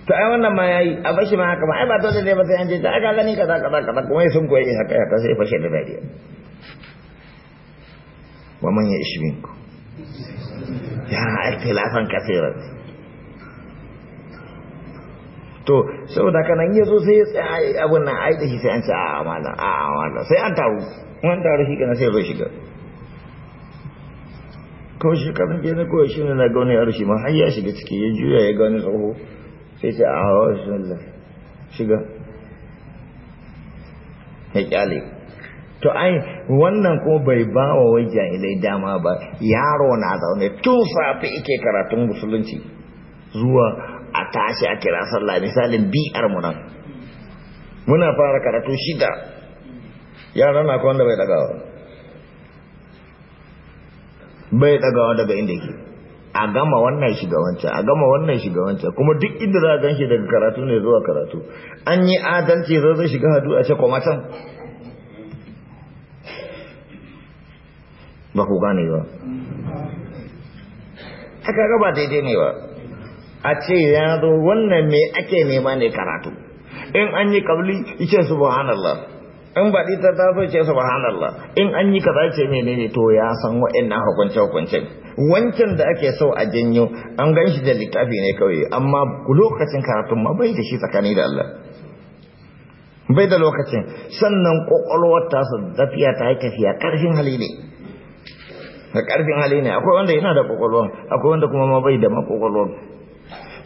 to ai wannan ma yayi a bashi ma haka ba ai ba dole ne ba sai an je ta aka gani kaza kaza kaza kuma sun koyi ne haka haka sai fashe da dariya wa man ya'ish minkum ya ikhtilafan kaseeran to saboda kana yin yazo sai sai abun nan ai da shi sai an ce a amana a amana sai an taru an taru shi kana sai ya zo shiga kawai shi kasan ke na kawai shi ne na gauni a rushe ma har ya shiga ciki ya juya ya gani tsoho sai ce a hawa shiga ya kyale to ai wannan ko bai ba wa wajen ilai dama ba yaro na zaune tun safe ike karatun musulunci zuwa a tashi a kira sallah misalin biyar mu nan muna fara karatu shida yara na kwanda bai dagawa bai dagawa daga inda yake a gama wannan shiga wancan a gama wannan shiga wancan kuma duk inda za a gan shi daga karatu ne zuwa karatu an yi adalci zai zai shiga hadu a cikin koma ba ku gane ba haka gaba daidai ne ba a ce ya zo wannan me ake nema ne karatu in an yi kabli ice subhanallah in baɗi ta taso ce subhanallah in an yi kaza ce ne to ya san wa'annan hukunce hukunce. wancan da ake so a janyo an gan shi da littafi ne kawai amma lokacin karatun ma bai da shi tsakani da Allah bai da lokacin sannan kwakwalwar ta su ta yi tafiya karfin hali ne da karfin hali ne akwai wanda yana da kwakwalwar akwai wanda kuma ma bai da ma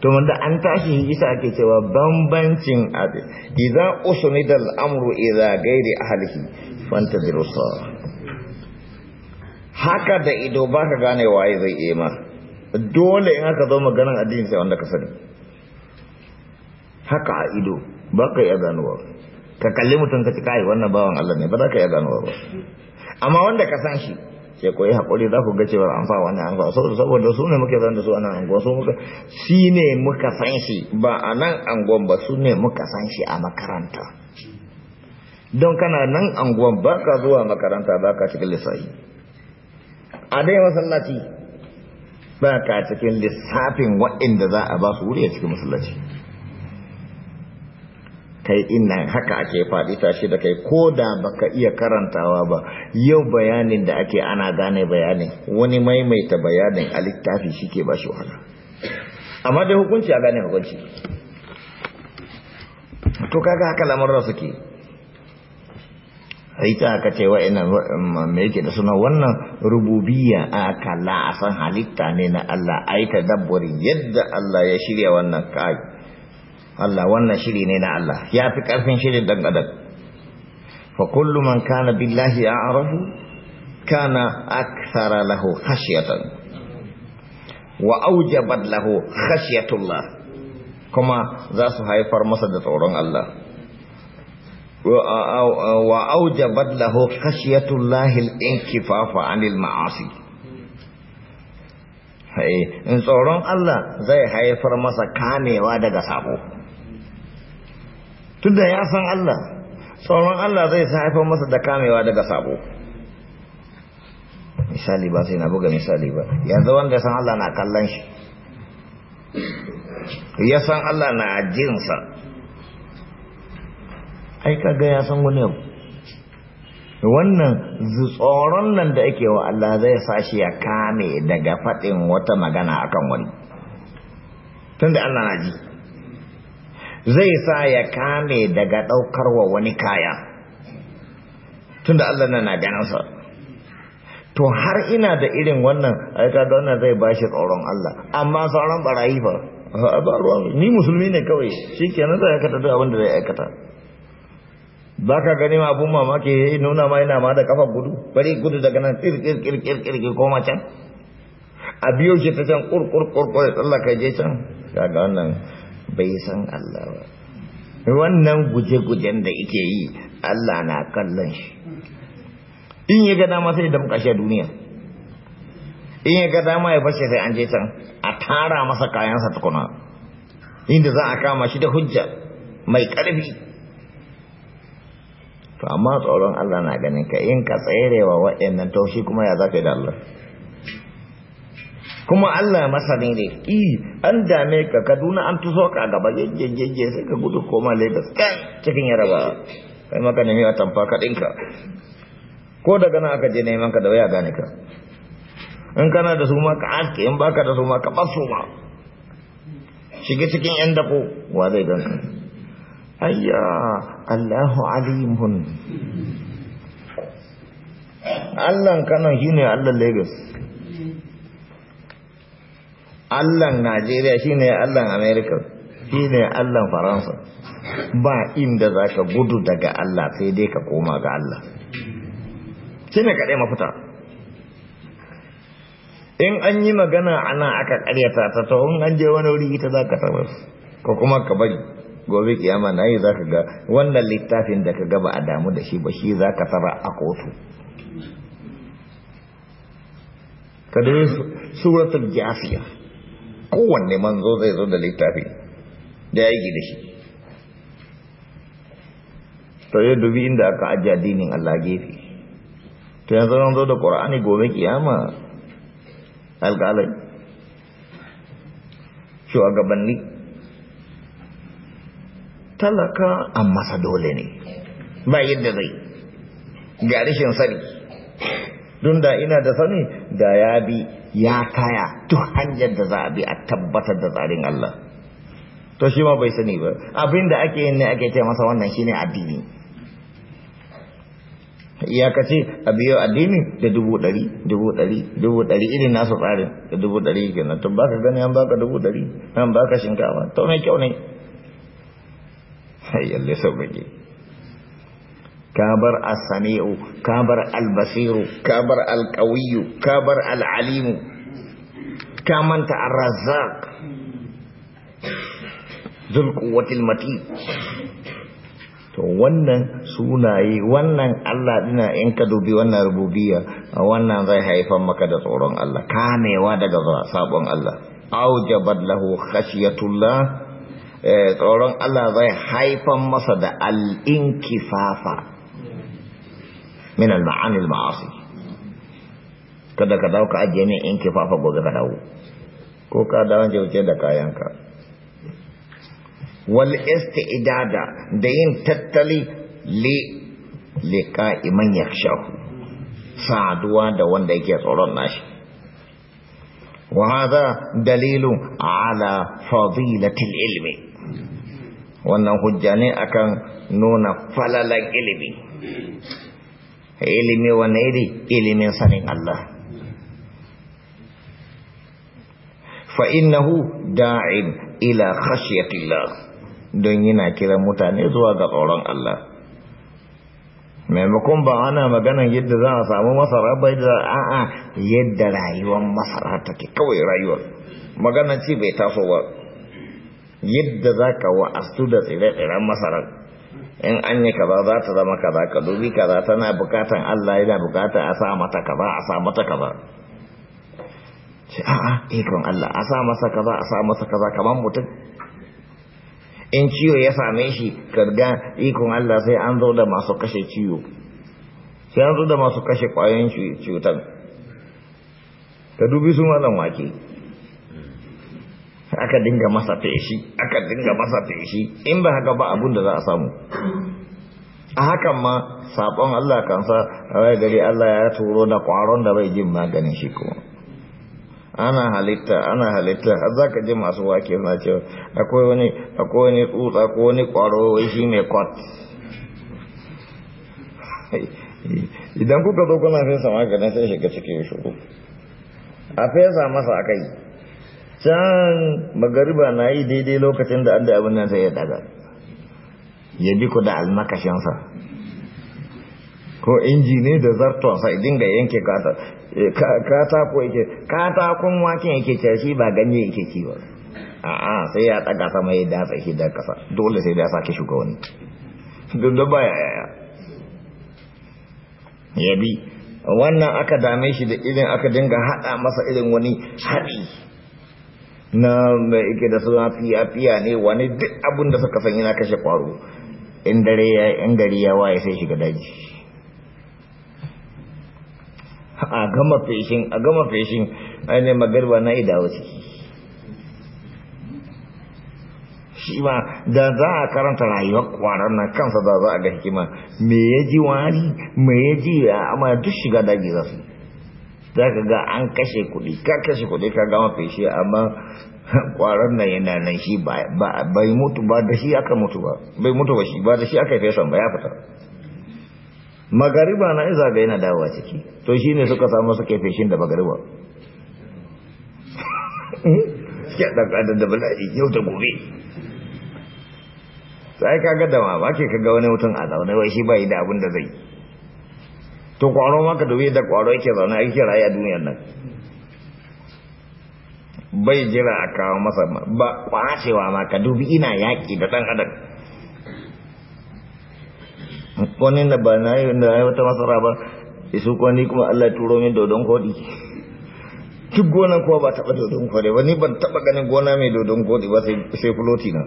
to wanda an tashi isa ake cewa bambancin abu idza usnida al-amru idza ghairi ahlihi fantadiru sa haka da ido baka gane waye zai yi ma dole in aka zo maganar addini sai wanda ka sani haka a ido baka iya ganowa ka kalli mutum ka ci kai wannan bawan Allah ne ba za ka iya ganowa ba amma wanda ka san shi sai hakuri yi za ku ga cewar an sa wani an saboda su ne muke zan da su a nan anguwa su muka shi ne muka san shi ba a nan anguwan ba su ne muka san shi a makaranta don kana nan anguwan ba ka zuwa makaranta ba ka cikin lissafi a dai masallaci ba ka cikin lissafin waɗanda za a ba su wuri a cikin masallaci kai inna haka ake faɗi tashi da kai ko da baka iya karantawa ba yau bayanin da ake ana gane bayanin wani maimaita bayanin a littafi shike ba shi wahala amma dai hukunci a gane hukunci to kaga haka lamarin suke ita aka ce wa ina mai da suna wannan rububiyya aka kala a san halitta ne na Allah aika dabbori yadda Allah ya shirya wannan kai Allah wannan shiri ne na Allah ya fi ƙarfin shirin ɗan adam fa kullu man kana billahi a'rafu kana akthara lahu khashyatan wa aujabat lahu khashyatullah kuma za su haifar masa da tsoron Allah wa aujabat lahu khashyatullahi al-inkifafa 'anil ma'asi eh, in tsoron Allah zai haifar masa kamewa daga sabo tunda ya san Allah tsoron Allah zai sa haifar masa da kamewa daga sabo misali ba sai na buga misali ba yanzu wanda ya san Allah na kallon shi ya san Allah na ajinsa ai kaga ya san wani abu wannan tsoron nan da ake wa Allah zai shi ya kame daga faɗin wata magana akan wani tunda Allah na ji zai sa ya kame daga ɗaukar wa wani kaya tunda Allah na ganinsa to har ina da irin wannan aika da wannan zai ba shi tsoron Allah amma sauran barayi fa ba ni musulmi ne kawai shi kenan zai aikata duk abin da zai aikata ba ka gani ma abun mamaki ya yi nuna ma yana ma da kafa gudu bari gudu daga nan kirkirkirkirkir koma can a biyo shi ta can kurkurkurkur ya tsallaka je can ga wannan bai san Allah ba wannan guje-gujen da ike yi Allah na kallon shi in ya ga dama sai da kashe duniya in ya ga dama ya fashe sai an je can a tara masa kayansa tukuna inda za a kama shi da hujja mai ƙarfi to amma tsoron Allah na ganin ka in ka tserewa waɗannan to kuma ya zafi da Allah kuma Allah ya masani ne i an dame ka Kaduna an tuso ka gaba gaba jejjeje sai ka gudu koma Lagos kan cikin Yaraba kai maka ne a tamfa ka dinka ko daga nan aka je neman ka da waya gane ka in kana da su ma ka aske in baka da su ma ka basu ma shige cikin yan dako wa zai ganka ayya Allahu alimun Allah kanan shine Allah Lagos Allahn Najeriya shi shine Amerika shi ne Allahn Faransa ba inda za ka gudu daga Allah sai dai ka koma ga Allah shine kaɗai mafita in an yi magana ana aka karyata ta ta an je wani wuri ita za ka su ko kuma ka bari gobe kiyama na yi za ka ga wannan littafin da ka gaba a damu da shi ba shi za ka tara a kotu ka dai suratul jafiya kowanne manzo zai zo da littafi da ya yi da shi to ya dubi inda aka ajiye addinin Allah gefe to yanzu an zo da ƙura'ani gobe kiyama alƙalai shugabanni talaka an masa dole ne ba yadda zai garishin sani don da ina da sani da ya bi ya kaya duk hanyar da za a bi a tabbatar da tsarin Allah to shi ma bai sani ba abin da ake yin ne ake ce masa wannan shine addini iyakace a biyo addini da dubu ɗari dubu ɗari dubu ɗari irin nasu tsarin da dubu ɗari kenan to baka gani an baka dubu ɗari an baka shinkafa to mai kyau ne sai Allah sauƙaƙe kabar as-sami'u kabar al-basiru kabar al-qawiyyu kabar al-alimu ka manta ar-razzaq dhul to wannan sunaye wannan Allah dina in ka dubi wannan rububiyya wannan zai haifar maka da tsoron Allah kamewa daga sabon Allah aujabat lahu khashiyatullah eh, tsoron Allah zai haifar masa da al-inkifafa من المعاني المعاصي kada ka dauka ajiye ne in kifafa gobe ka dawo ko ka dawo je wuce da kayanka wal isti'dada da yin tattali li liqa'i man yakhshahu saduwa da wanda yake tsoron nashi wa hadha dalilu ala fadilatil ilmi wannan hujja ne akan nuna falalan ilimi ilimi wa iri ilimin sanin Allah fa innahu da'in ila khashyatillah don yana kira mutane zuwa ga tsoron Allah maimakon ba ana maganan yadda za a samu masara ba da a'a yadda rayuwar masara take kawai rayuwar maganan ci bai taso ba yadda za ka wa'astu da tsire-tsiren masarar in an yi kaza za ta zama kaza ka dubi kaza tana bukatan Allah yana bukatan a sa mata kaza a sa mata kaza ce a'a ikon Allah a sa masa kaza a sa masa kaza kamar mutum in ciwo ya same shi karga ikon Allah sai an zo da masu kashe ciwo sai an zo da masu kashe kwayoyin cutar. ka dubi su malam wake aka dinga masa feshi aka dinga masa feshi in ba haka ba abun da za a samu a hakan ma sabon Allah kansa a gari Allah ya turo da kwaron da bai jin maganin shi kuma ana halitta ana halitta har za ka ji masu wake na cewa akwai wani akwai wani tsutsa ko wani kwaro shi mai kwat idan kuka zo kuna fesa maganin sai shiga cikin shuru a fesa masa a kai can magariba na yi daidai lokacin da an da abin nan sai ya daga ya bi ku da almakashinsa ko inji ne da zartonsa idin ga yanke eh, katako yake katakon waken yake ce shi ba ganye yake kiwa ba a'a sai ya daga sama ya datsa shi da kasa dole sai da sake wani don da baya yaya ya bi wannan aka dame shi da irin aka dinga hada masa irin wani har na mai ike da suna fiya fiya ne wani duk abin da suka sanya na kashe kwaro in dare ya yi gari ya waye sai shiga daji a gama feshin a gama feshin ainihin magarba na idawa ciki shi ma da za a karanta rayuwar kwanar na kansa da za a ga hikima me ya ji wari me ya ji amma duk shiga daji za su za ka ga an kashe kuɗi ka kashe kuɗi ka gama feshi amma kwaron nan yana nan shi bai mutu ba da shi aka mutu ba bai mutu ba shi ba da shi aka fesan ba ya fita magariba na iza ga yana dawowa ciki to shi ne suka samu suke feshin da magariba suke ɗanƙadar da bala'i yau da gobe sai ka ga da mamaki ka ga wani mutum a zaune wai shi bai da abin da zai to kwaro maka dubi da kwaro yake zaune ake rayu a duniyar nan bai jira a kawo masa ba kwacewa ma ka dubi ina yaƙi da ɗan adam wani na ba na yi wata masara ba isu kwani kuma Allah turo min dodon kodi duk gonan kuwa ba taɓa dodon kodi ba ni ban taɓa ganin gona mai dodon kodi ba sai fuloti na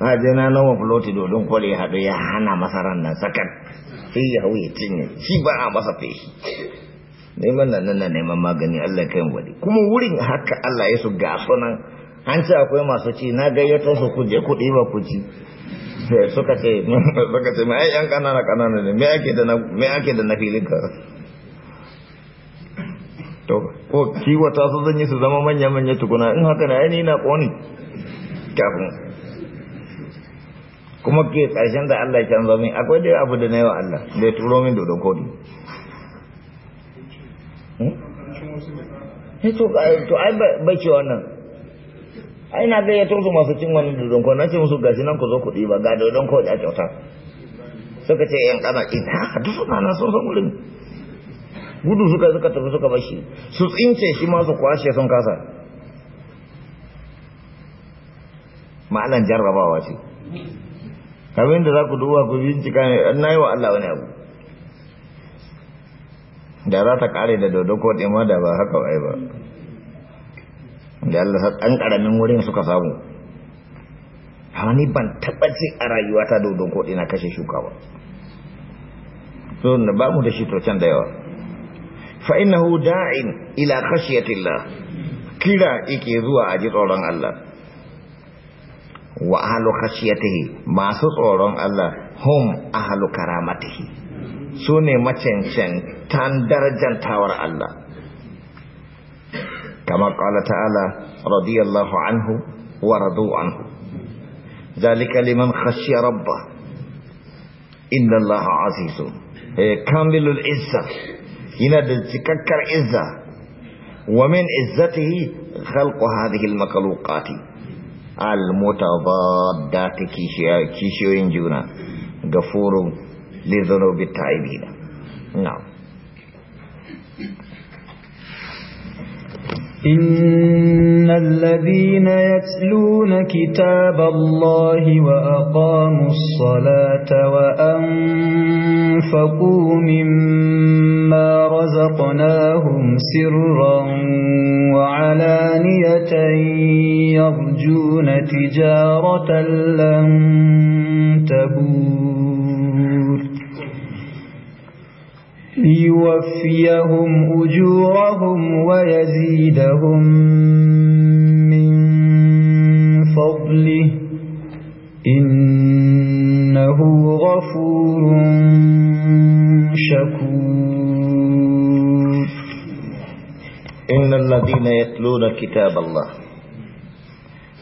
a je na fuloti dodon kodi ya haɗu ya hana masaran nan sakat sai ya hau ya cinye shi ba a masa feshi neman nan nan neman magani Allah kai wani kuma wurin haka Allah ya su gaso nan an ce akwai masu ci na gayyatar su kuje kuɗi ba ku ci suka ce suka ce mai yan kanana kanana ne me ake da me ake da na filin ka to ko kiwata su zan yi su zama manya manya tukuna in haka na ai ni na koni kafin kuma ke ƙarshen da Allah ke canza min akwai dai abu da na yawa Allah da ya turo min dodon kodi hmm? eh, eh, to ai bai ce wannan ai na ga ya turo masu cin wannan dodon kodi na ce musu gashi nan ku zo kuɗi ba ga dodon kodi a kyauta suka ce yan kana ha duk suna nan sun san wurin gudu suka suka tafi suka bar shi su tsince shi ma su kwashe sun kasa ma'anan jarrabawa ce kamar da za ku duba ku bincika ne na yi wa Allah wani abu da za ta kare da dodo ko ɗima da ba haka wai ba da Allah ɗan ƙaramin wurin suka samu hani ban tabbaci a rayuwa ta dodo ko ɗina kashe shuka ba so da ba mu da shi to da yawa fa hu da'in ila tilla. kira ike zuwa a ji tsoron Allah wa ahlu khashiyatihi masu tsoron Allah hum ahlu karamatihi su ne macancan tan darajantawar Allah kama qala ta'ala radiyallahu anhu wa radu anhu zalika liman khashiya rabba inna Allah azizun kamilul izza yana da cikakkar izza wa min izzatihi khalqu hadhihi al Al-Mutawaba, ta kishiyoyin juna ga gafurun lizunubi ta'ibina na'am إن الذين يتلون كتاب الله وأقاموا الصلاة وأنفقوا مما رزقناهم سرا وعلانية يرجون تجارة لن تبور ليوفيهم أجورهم ويزيدهم من فضله إنه غفور شكور إن الذين يتلون كتاب الله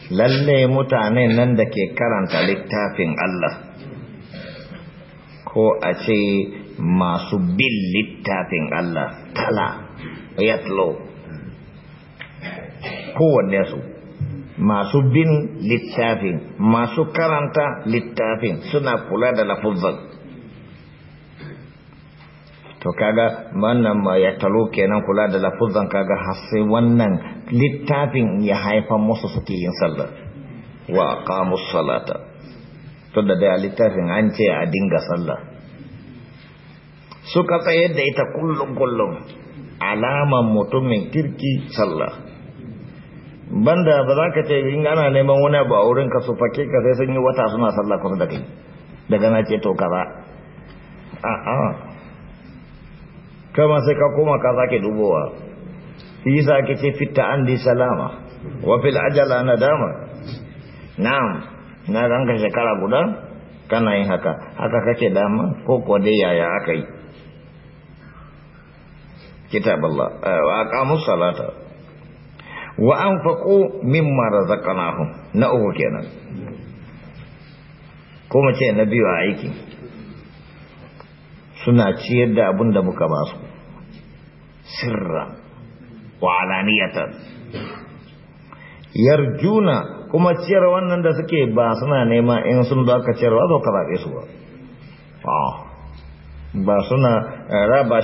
lalle mutane nan da ke karanta littafin Allah ko a ce masu bin littafin Allah tala yatlo kowanne su masu bin littafin masu karanta littafin suna kula da lafuzan to kaga wannan ma ya talo kenan kula da lafuzan kaga har sai wannan littafin ya haifa musu suke yin sallah wa aqamus salata To da littafin an ce a dinga sallah suka tsayar da ita kullum kullum alaman mutumin kirki sallah banda ba za ka ce in ana neman wani abu a wurin ka su fake ka sai sun yi wata suna sallah kusa da kai daga na ce to kaza a'a kama sai ka koma ka sake dubowa Fi yasa ake ce fitta an di salama wa fil ajala dama. na'am na ranka shekara guda kana yin haka haka kake dama ko ko dai yaya aka yi kitab Allah eh, wa aqamu salata wa anfaqu mimma razaqnahum na uku kenan kuma ce na biyu a aiki suna ciyar da abin muka ba su sirra wa alaniyatan yarjuna kuma ciyar wannan da suke ba suna nema in sun baka ciyarwa zo ka zaɓe su ba ah. ba suna eh, raba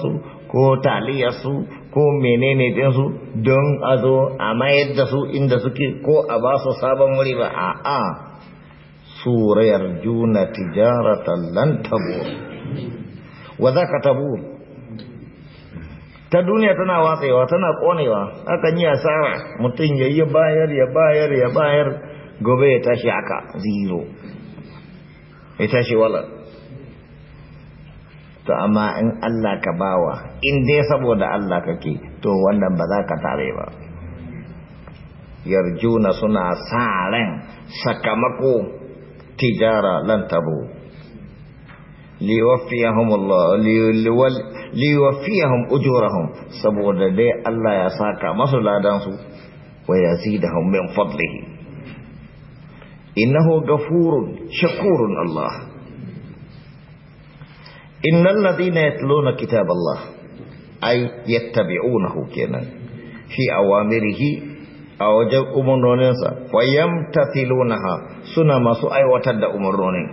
su. ko taliyarsu ko menene su don a zo a mayar da su inda suke ko a ba su sabon wuri ba a a surayar juna tijaratan lan wa za ka tabu? ta duniya tana watsewa tana konewa akan yi asara mutum ya yi bayar ya bayar ya bayar gobe ya tashi aka zero ya tashi walar to amma in Allah ka bawa in dai saboda Allah kake to wannan ba za ka tare ba yarjuna suna sa ran sakamako tijara lan tabo liwafiyahum Allah liwafiyahum ujurahum saboda dai Allah ya saka masu ladan su wa yazidahum min fadlihi innahu ghafurun shakurun Allah innan ladina ya kitaballah ay yattabi'unahu kenan fi awamirihi a wajen umarnoninsa wayan tafilunaha suna masu aiwatar da umarnonin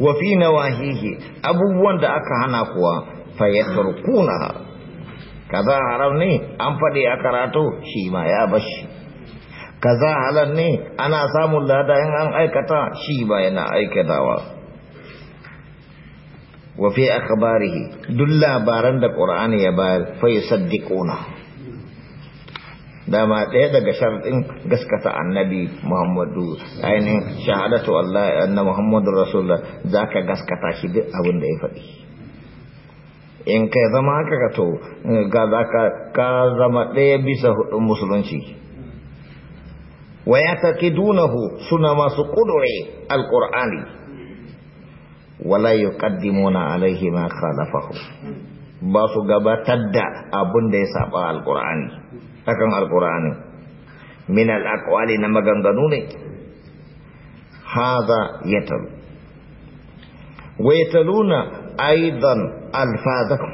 wafi na wahihi abubuwan da aka hana kuwa fayyasar kunaha kaza haram ne an faɗi a karatu shi ma ya bashi za halar ne ana samun lada in an aikata shi ba yana aikatawa wa fi akhbarihi duk labaran da qur'ani ya bayar fa yusaddiquna dama ɗaya daga sharɗin gaskata annabi muhammadu ainihin shahadatu Allah anna muhammadu rasulullah zaka gaskata shi duk abin da ya faɗi in kai zama haka ka to ga ka zama ɗaya bisa huɗun musulunci wa ya taqidunahu suna masu ƙudure alƙur'ani wala na alaihi ma khalafahu ba su gabatar da abun da ya saba al'kurani. akan al'kurani. min alaqwali na maganganu ne hadha yatalu wa taluna aidan alfazahu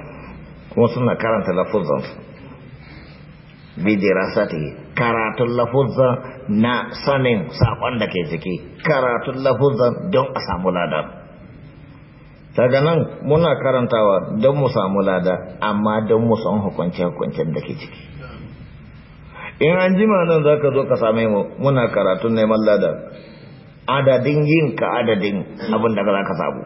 kuma suna karanta lafuzan bi dirasati karatun lafuzan na sanin saƙon da ke ciki karatun lafuzan don a samu ladar daga nan muna karantawa don mu samu lada amma don mu san hukunce-hukuncen da ke ciki in an jima nan za ka zo ka same mu muna karatun neman lada adadin yin ka adadin abin da za ka samu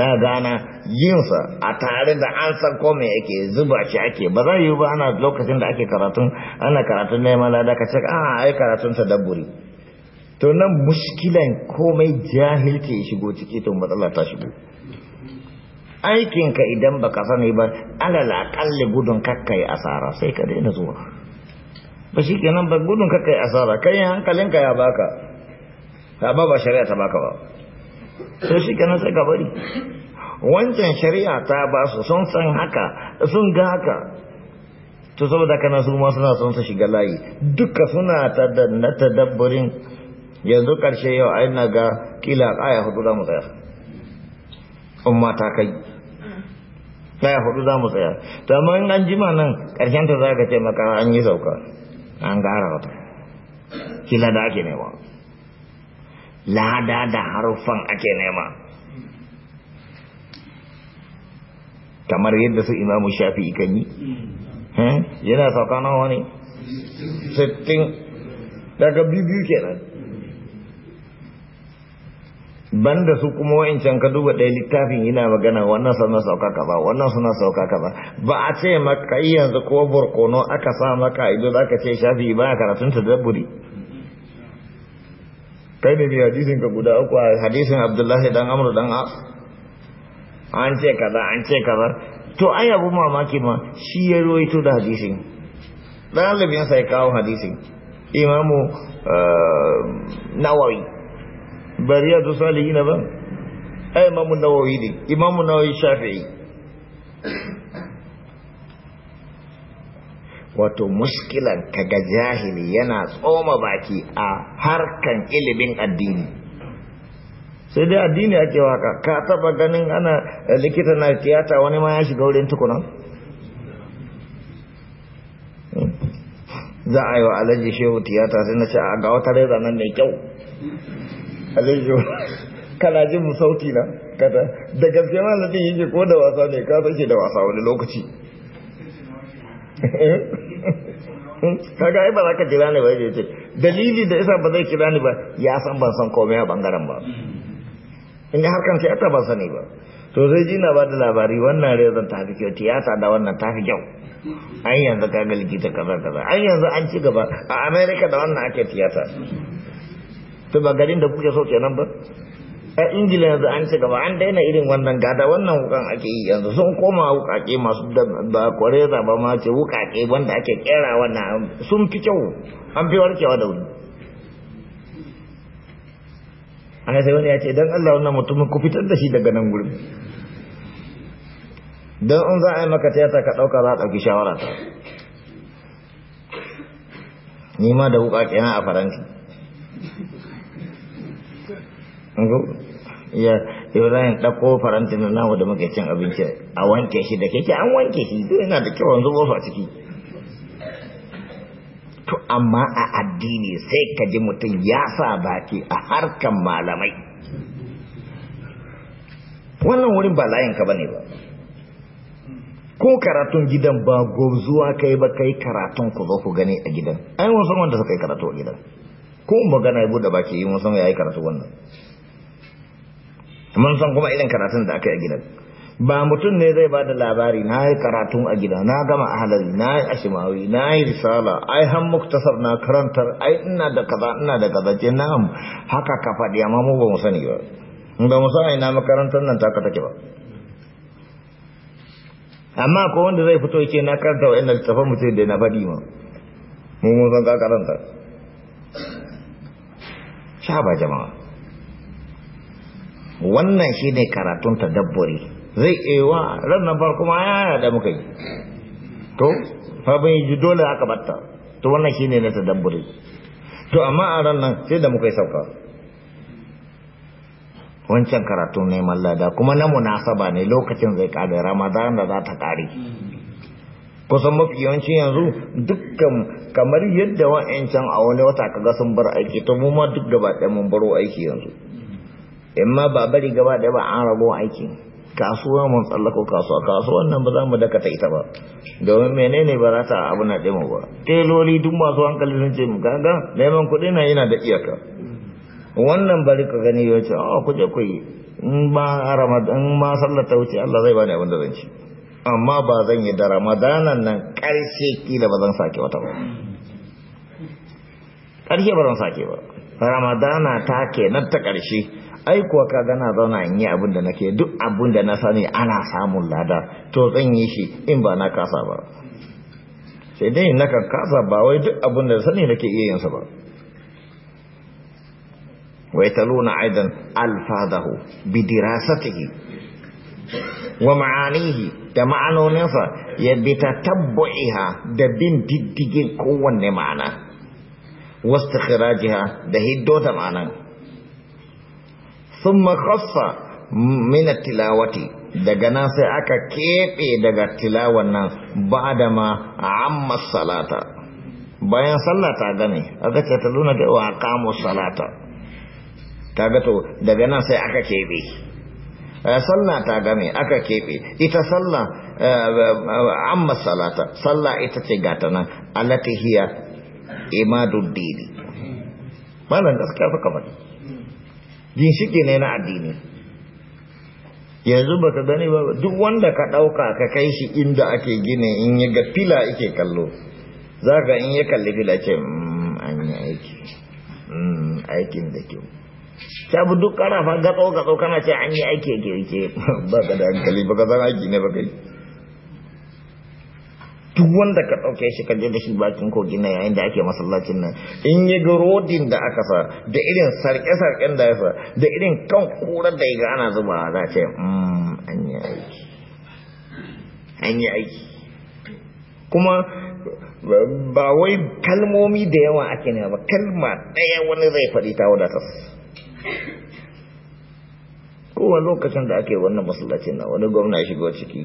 da gana yinsa a tare da an san ko me yake zuba shi ake ba za yi ba ana lokacin da ake karatun ana karatun neman lada ka ce a ah, ai karatun dabburi. to nan muskilan komai jahilci ya shigo ciki to matsala ta shigo aikinka idan baka sani ba alal akalli gudun kakkai asara sai ka daina zuwa ba shi ba gudun kakkai asara kai hankalinka ya baka amma ba shari'a ta baka ba sai shi sai ka bari wancan shari'a ta ba su sun san haka sun ga haka to saboda kana su ma suna son su shiga layi duka suna ta da na tadabburin yanzu karshe yau ai na ga kila aya hudu za mu tsaya umma ta kai tsaya hudu za mu tsaya to amma in an jima nan karshen ta za ka ce maka an yi sauka an gara wata kila da ake nema lada da harufan ake nema kamar yadda su imamu shafi kan yi yana sauka nawa wani sittin daga biyu kenan banda su kuma wa'incan ka duba ɗaya littafin ina magana wannan suna sauka kaza wannan suna sauka kaza ba a ce maka yanzu ko barkono aka sa maka ido za ka ce shafi ba karatun ta dabburi kai ne mai hadisin ka guda uku a hadisin abdullahi dan amur dan as an ce kaza an ce kaza to an abu mamaki ma shi ya roito da hadisin ɗalibin sai kawo hadisin imamu eh, nawawi ba riyadu salihina ba ai imamu nawawi ne imamu nawawi shafi'i wato muskilan kaga jahili yana tsoma baki a harkan ilimin addini sai dai addini ake waka ka taba ganin ana likita na tiyata wani ma ya shiga wurin tukunan za a yi wa alaji shehu tiyata sai na ce a ga wata reza nan mai kyau alaiyo kana jin sauti na kada da gaske ma na yake ko da wasa ne ka sake da wasa wani lokaci eh? kaga ai ba za ka kira ni ba ya ce dalili da isa ba zai kira ni ba ya san ban san komai a bangaren ba in har kan sai ta ban sani ba to sai ji na ba da labari wannan rezon ta fi kyau tiyata da wannan ta fi kyau an yanzu kaga likita kaza kaza an yanzu an ci gaba a america da wannan ake tiyata to ba garin da kuke so kenan ba a ingila yanzu an ci gaba an daina irin wannan gada wannan wukan ake yi yanzu sun koma wukake masu da ba kwareza ba ma ce wukake wanda ake kera wannan sun fi kyau an fi warkewa da wuri a sai wani ya ce don allah wannan mutumin ku fitar da shi daga nan gurin don in za a yi maka tiyata ka ɗauka za a ɗauki shawara ta ni ma da wukake na a faranti ya da ɗauko farantin na nawa da muke cin abinci a wanke shi da keke an wanke shi duk yana da kyau wanzu bofa ciki to amma a addini sai ka ji mutum ya sa baki a harkan malamai wannan wurin ba layin ka ne ba ko karatun gidan ba gobzuwa kai ba kai karatun ku zo ku gani a gidan ai wasu wanda suka yi karatu a gidan ko magana ya bude baki yi musamman ya yi karatu wannan mun san kuma irin karatun da aka yi a gidan ba mutum ne zai ba da labari na yi karatun a gida na gama ahalari na yi ashimawi na yi risala ai han muktasar na karantar ai ina da kaza ina da kaza ce na'am haka ka faɗi amma mu ba mu sani ba ba mu sani na makarantar nan ta taka take ba amma ko wanda zai fito ce na karanta wa'in littafan mutum da na faɗi ma mu mun san ka karanta sha ba jama'a wannan shi ne karatun tadabburi zai ewa ranar farko ma ya da muka yi to fa yi dole aka batta to wannan shi ne na tadabburi to amma a nan sai da muka yi sauka wancan karatun ne mallada kuma na munasaba ne lokacin zai kada ramadan da za ta kare kusan mafi yawanci yanzu dukkan kamar yadda wa'ancan a wani wata kaga sun bar aiki to mu ma duk gaba ɗaya mun baro aiki yanzu in ma ba bari gaba da ba an rago aiki kasuwa mun tsallako kasuwa kasuwan nan ba za mu ta ita ba domin menene ba za ta abu na ɗaya ba teloli duk masu hankali sun ce mu ganga neman kuɗi na yana da iyaka wannan bari ka gani ya ce a ah, ku ku yi in ba ramadan in ma sallar ta wuce Allah zai bani abin da zan ci amma ba zan yi da ramadanan nan ƙarshe kila ba zan sake wata ba ƙarshe ba zan sake ba ramadana ta kenan ta ƙarshe ai kuwa ka gana zauna in yi abin da nake duk abin na sani ana samun lada to zan yi shi in ba na kasa ba sai dai na kan kasa ba wai duk abin da sani nake iya yinsa ba wai ta luna aidan alfadahu bi dirasatihi wa ma'anihi da ma'anoninsa ya bi ta tabbu'iha da bin diddigin kowanne ma'ana wasu da hiddo da ma'anan ثم خص من tilawati daga nan sai aka keɓe daga tilawan nan ba da ma amma salata bayan sallata gane aka ce ta luna da wa kamo salata kaga to daga nan sai aka keɓe eh, sallah ta aka keɓe ita sallah eh, amma salata sallah ita ce gata nan alati hiya imaduddini malam gaskiya suka faɗi ginshiki ne na addini yanzu ba ka gani ba duk wanda ka ɗauka ka kai shi inda ake gine in ya ga fila ake kallo za ka in ya kalli fila ce mm, an yi aiki mm, aikin da kyau ta bu duk ƙarafa gatsa-gatsa kana ce an yi aiki ke ke ba ka da hankali ba ka zan aiki ne ba kai duk wanda ka ɗauke shi ka je da shi bakin kogi na yayin da ake masallacin nan in yi ga rodin da aka sa da irin sarƙe-sarƙen da ya sa da irin kan kura da ya ana zuba za ce mm, an yi aiki an yi aiki kuma ba wai kalmomi da yawa ake ne ba kalma ɗaya wani zai faɗi ta wadatar kowa lokacin da ake wannan masallacin na wani gwamna shigo ciki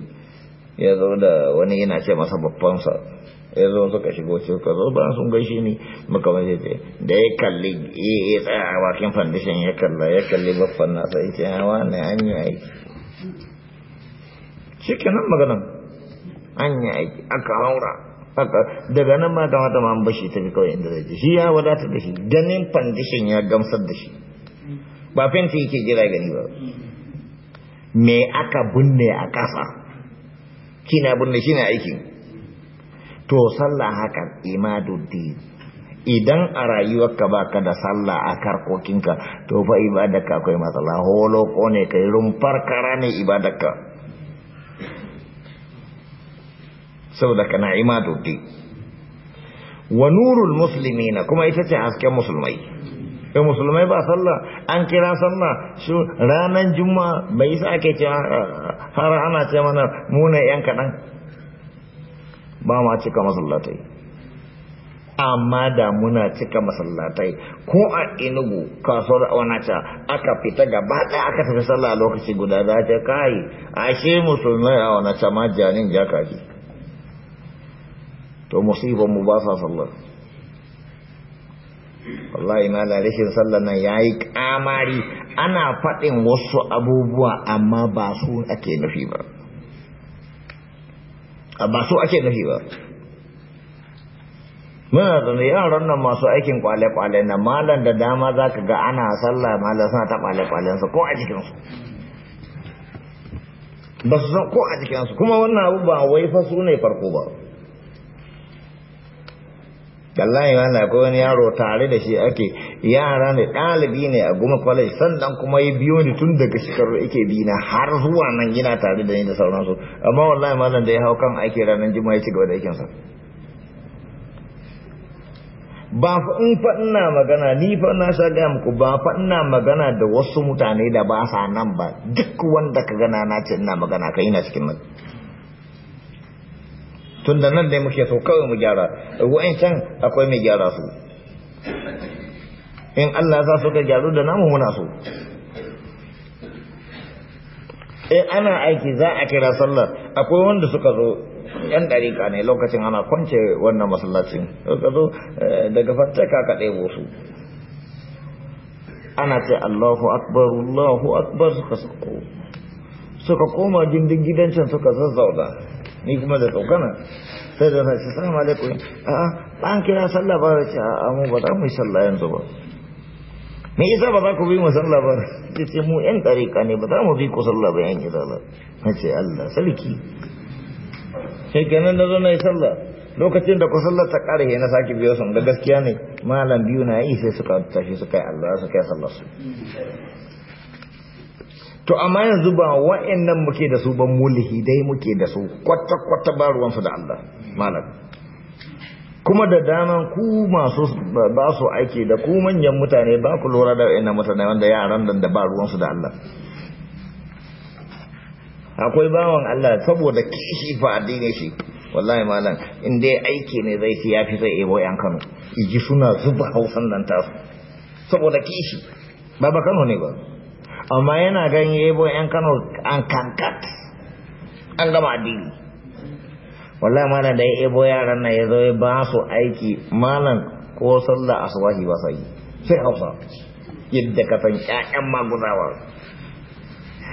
ya zo da wani yana ce masa sa ya zo suka shigo ce ka zo ba sun gaishe ni muka wani ce da ya kalli ya tsaya a bakin fandishin ya kalla ya kalli babban nasa ya ce hawa ah, ne an yi aiki shi nan maganan an yi aiki aka haura daga nan ma kamata ma an bashi tafi kawai inda zai shi ya wadata da shi ganin fandishin ya gamsar da shi ba fenti yake jira gani ba me aka binne a kasa? kina na shine da shi aikin to sallah haka imaduddin idan a rayuwarka baka da sallah a karkokinka to fa ibadarka akwai matsala holoko ne kai rumfar kara ne ibadarka saboda kana imaduddin wa nurul muslimina kuma ita ce hasken musulmai da musulmai ba sallah an kira sallah su ranar juma'a bai isa ake cewa eh, har ana ce mana muna yan kaɗan ba ma cika masallatai amma da muna cika masallatai ko a inugu kasuwar ta aka fita gaba ɗaya aka tafi sallah lokaci guda da ta kai ashe musulmai a ta ma janin jaka to musibar mu ba sa sallah wallahi mala rashin sallar nan yayi kamari ana faɗin wasu abubuwa amma ba su ake nufi ba ba su ake nufi ba muna zaune yaran nan masu aikin kwale-kwale na malam da dama za ka ga ana sallah malam suna ta kwale-kwalensu ko a jikinsu ba su san ko a jikinsu kuma wannan abu ba wai fa su ne farko ba wallahi wala ko wani yaro tare da shi ake yara ne ɗalibi ne a goma kwalai sannan kuma ya biyo ni tun daga shekaru ake bi na har zuwa nan yana tare da ni da sauransu amma wallahi malam da ya hau kan aiki ranar juma'a ya ci gaba da aikinsa ba fa in fa ina magana ni fa na sa ga muku ba fa ina magana da wasu mutane da ba sa nan ba duk wanda ka gana na ce ina magana kai ina cikin nan tunda nan dai muke so kawai mu gyara can akwai mai gyara su in Allah za su ka gyaru da namu muna so in eh, ana aiki za a kira sallar akwai wanda suka zo yan ɗarika ne lokacin ana kwance wannan masallacin suka zo eh, daga fattaka ka ɗebo su ana ce Allahu akbar Allahu akbar suka suka koma gindin gidancin suka zazzauna ni kuma da tsokana sai da na ce salamu alaikum a an kira sallah ba da ce a mu ba za mu yi sallah yanzu ba me isa ba za ku bi mu sallah ba ta ce mu yan ɗariƙa ne ba za mu bi ku sallah ba yan ba na ce Allah sarki sai kenan na zo na yi sallah lokacin da ku sallar ta ya na sake biyo sun da gaskiya ne malam biyu na yi sai suka tashi suka yi Allah suka yi sallar su to amma yanzu ba wa'annan muke da su ban mulhi dai muke da su kwata-kwata ba ruwansu da Allah malam kuma da daman ku masu ba su aiki da ku manyan mutane ba ku lura da wa'annan mutane wanda yaran da ba ruwansu da Allah akwai bawan Allah saboda kishi ba addini shi wallahi malam in dai aiki ne zai fi yafi zai ebo yan Kano iji suna zuba hausan nan tasu saboda kishi ba ba Kano ne ba amma yana ganin yebo yan kano an kankat an gama addini wallahi malam da ya ebo yaran nan ya zo ya ba su aiki malam ko sallah asubahi ba sai sai hausa yadda ka san ƴaƴan maguzawa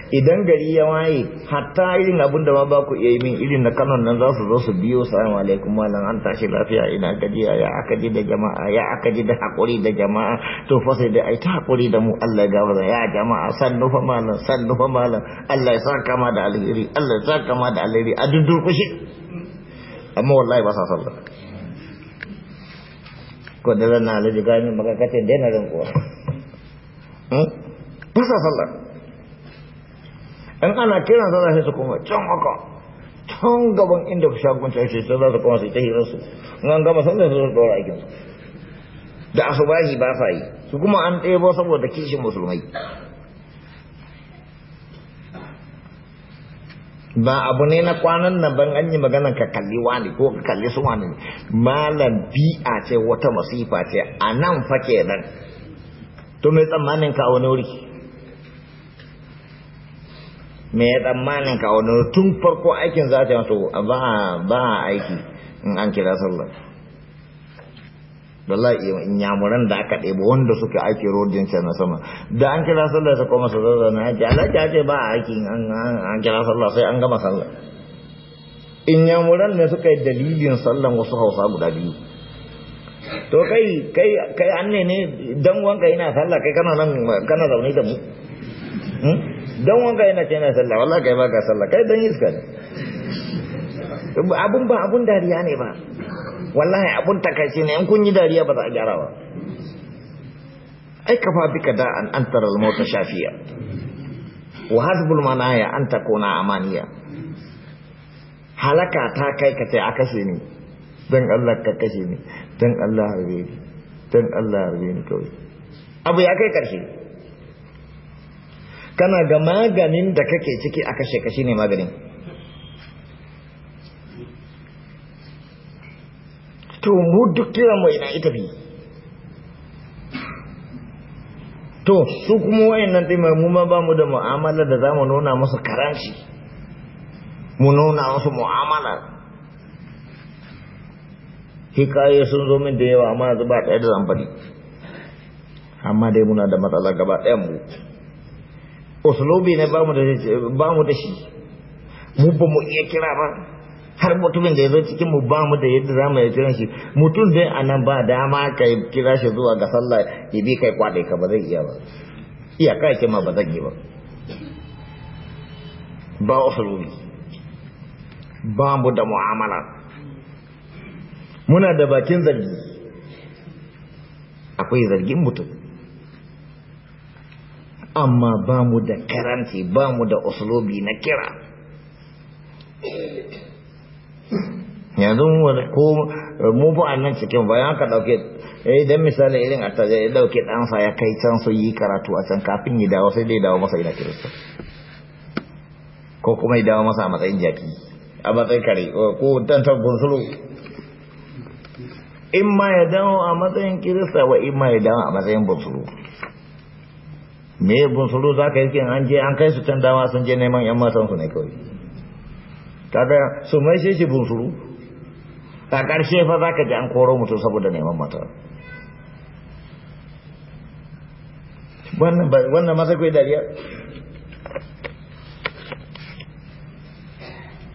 idan gari ya waye hatta irin abin da ma ba ku iya yi min irin na kanon nan za su zo su biyo salamu alaikum malam an tashi lafiya ina gajiya ya aka ji da jama'a ya aka ji da haƙuri da jama'a to fa sai dai ai ta haƙuri da mu Allah ya gabata ya jama'a sannu fa malam sannu fa malam Allah ya saka ma da alheri Allah ya saka ma da alheri a dudurkushi amma wallahi ba sa sallah ko da zan na ga ni maka kace daina rinkuwa hmm? ba sa sallah in ana kiran za sai su kuma can haka can gaban inda shagon ta ce za su kuma su ta hirar su aikin su da asubahi ba sa yi su kuma an ɗebo saboda kishin musulmai ba abu ne na kwanan nan ban an yi magana ka kalli wani ko ka kalli su wani malam bi'a ce wata masifa ce a nan fa kenan to mai tsammanin ka wani wuri me ya tsammanin ka wani tun farko aikin za ta mato ba aiki in an kira sallar in yamuran da aka ɗebo wanda suka aiki rodin can na sama da an kira sallar ta koma su zaza na aiki alaƙi ce ba aiki an kira sallar sai an gama sallar yamuran ne suka yi dalilin sallar wasu hausa guda biyu to kai kai kai an ne ne dan wanka yana sallah kai kana nan kana zaune da mu hmm? don wanka yana ce yana sallah wallah kai ba ka sallah kai dan iska ne abun ba abun dariya ne ba wallahi abun takaice ne in kun yi dariya ba za a gyara ba ai kafa bika da an al-mauta shafiya wa hasbul manaya an kona amaniya halaka ta kai ka ce a kashe ni don Allah ka kashe ni don Allah harbe ni don Allah harbe ni kawai abu ya kai karshe kana ga maganin da kake ciki a kashe kashi ne maganin to mu duk mu ina ita bi to su kuma wayannan din mu ma ba mu da mu'amala da zamu nuna musu karanci mu nuna musu mu'amala hikaye sun zo min da yawa amma yanzu ba ɗaya da zamfani amma dai muna da matsala gaba ɗayan mu uslubi ne ba mu da shi mu ba mu iya kira ba har mutumin da ya zo cikin mu ba mu da yadda za mu kira shi mutum dai a nan ba dama ka kira shi zuwa ga sallah ya bi kai kwaɗe ka ba zai iya ba iya kai ke ma ba zan yi ba ba uslubi ba mu da mu'amala muna da bakin zargi akwai zargin mutum amma ba mu da karanti ba mu da usulobi na kira yanzu ko mu ba nan cikin bayan ka dauke eh dan misali irin a taje ya dauke dan sa ya kai can su yi karatu a can kafin ya dawo sai dai dawo masa ina kirista ko kuma ya dawo masa a matsayin jaki a matsayin kare ko dan tabbun sulu in ma ya dawo a matsayin kirista wa in ma ya dawo a matsayin bunsuru me sulu za ka yi an je an kai su can dama sun je neman yan su ne kawai kaga su mai shi sulu ta karshe fa za ka ji an koro mutum saboda neman mata wannan masa kai dariya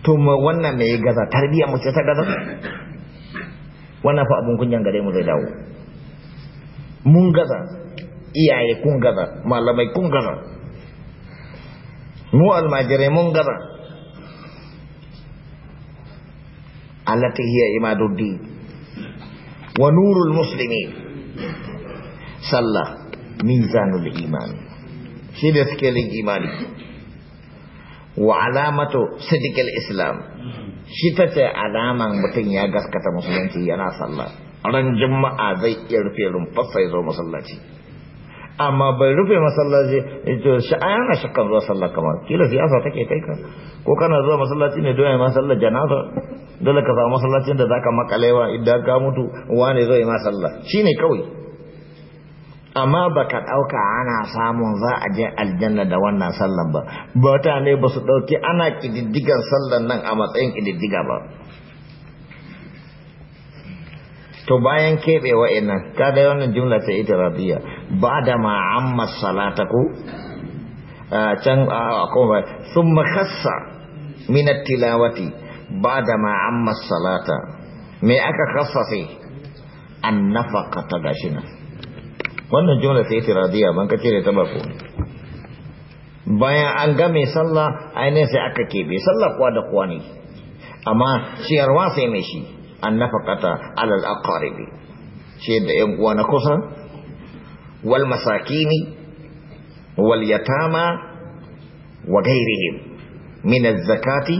to wannan mai gaza tarbiyyar mu ce ta gaza wannan fa abun kunyan gare mu zai dawo mun gaza iyaye kun gaza malamai kun gaza mu almajirai mun gaza allati hiya imaduddi wa nurul muslimi sallah mizanul iman shi da suke imani wa alamatu sidikil islam shi ta ce alaman mutum ya gaskata musulunci yana sallah ran juma'a zai iya rufe rumfarsa ya zo musallaci amma bai rufe masallaci to shi a yana shakkan zuwa sallah kamar kila siyasa take kai ka ko kana zuwa masallaci ne don ma sallar janaza dole ka samu masallacin da zaka makalewa idan ka mutu wane zai ma sallah shine kawai amma baka ɗauka ana samun za a je aljanna da wannan sallan ba ba ta ne ba su dauki ana kididdigan sallan nan a matsayin kididdiga ba to bayan keɓe wa'annan da wannan jumla ta ita rabiya ba da ma'amma salata ku can a kuma sun makassa minar tilawati ba da ma'amma salata me aka sai an nafaka ta gashi nan wannan jumla ta ita rabiya ban kace ta bako bayan an mai sallah ainihin sai aka keɓe sallah kuwa da kuwa ne amma ciyarwa sai mai shi annafaqata alal aqaribi ce da yan uwa na kusa wal masakini wal yatama wa ghairihim min az-zakati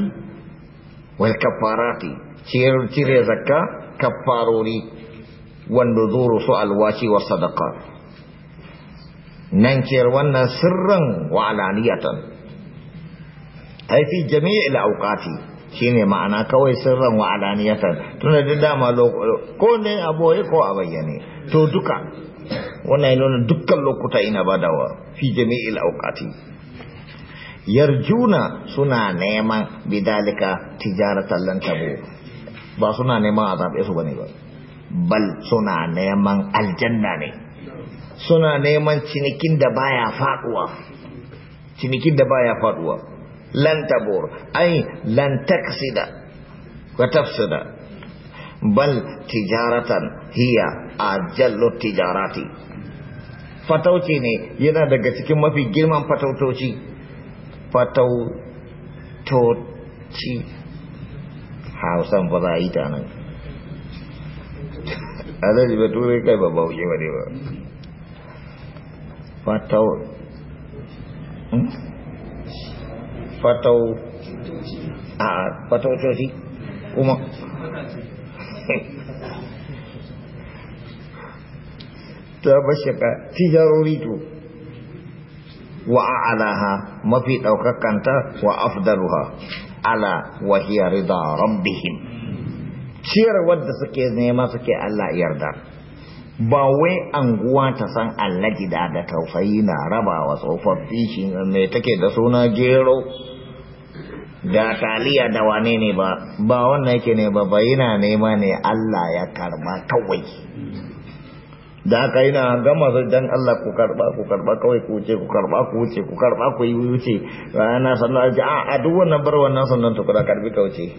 wal kafarati cire zakka kafarori wanda zuru su alwashi wa sadaka. nan ciyar wannan sirrin wa alaniyatan ai fi jami'il awqati shine ma'ana kawai sirran wa tunda duk dama ko ne a boye ko a bayyane to duka wannan ya nuna dukkan lokuta ina badawa fi jami'il auqati yarjuna suna neman bidalika tijaratan lan tabu ba suna neman azabe su bane ba bal suna neman aljanna ne suna neman cinikin da baya faduwa cinikin da baya faduwa Lantabur, tabur ai lan taksida wa bal tijaratan hiya ajallu tijarati fatauci ne yana daga cikin mafi girman fatautoci fatautoci hausan ba za a yi ba turai kai ba bauke ba ne ba fatau fatau a ah, fatautoci kuma ta bashaka tijarori itu. wa al'aha mafi ɗaukakanta wa afdaruha ala wahiyah rida rabbihim ciyar wadda suke nema suke Allah yarda ba wai anguwa ta san Allah gida da tausayi na raba wa tsofaffi shi mai take da suna gero da taliya da wane ne ba ba wannan yake ne ba ba yana nema ne Allah ya karba kawai da aka na gama su dan Allah ku karba ku karba kawai ku wuce ku karba ku wuce ku karba ku yi wuce rana sannan a ah, duk wannan bar wannan sannan tukura karbi ka wuce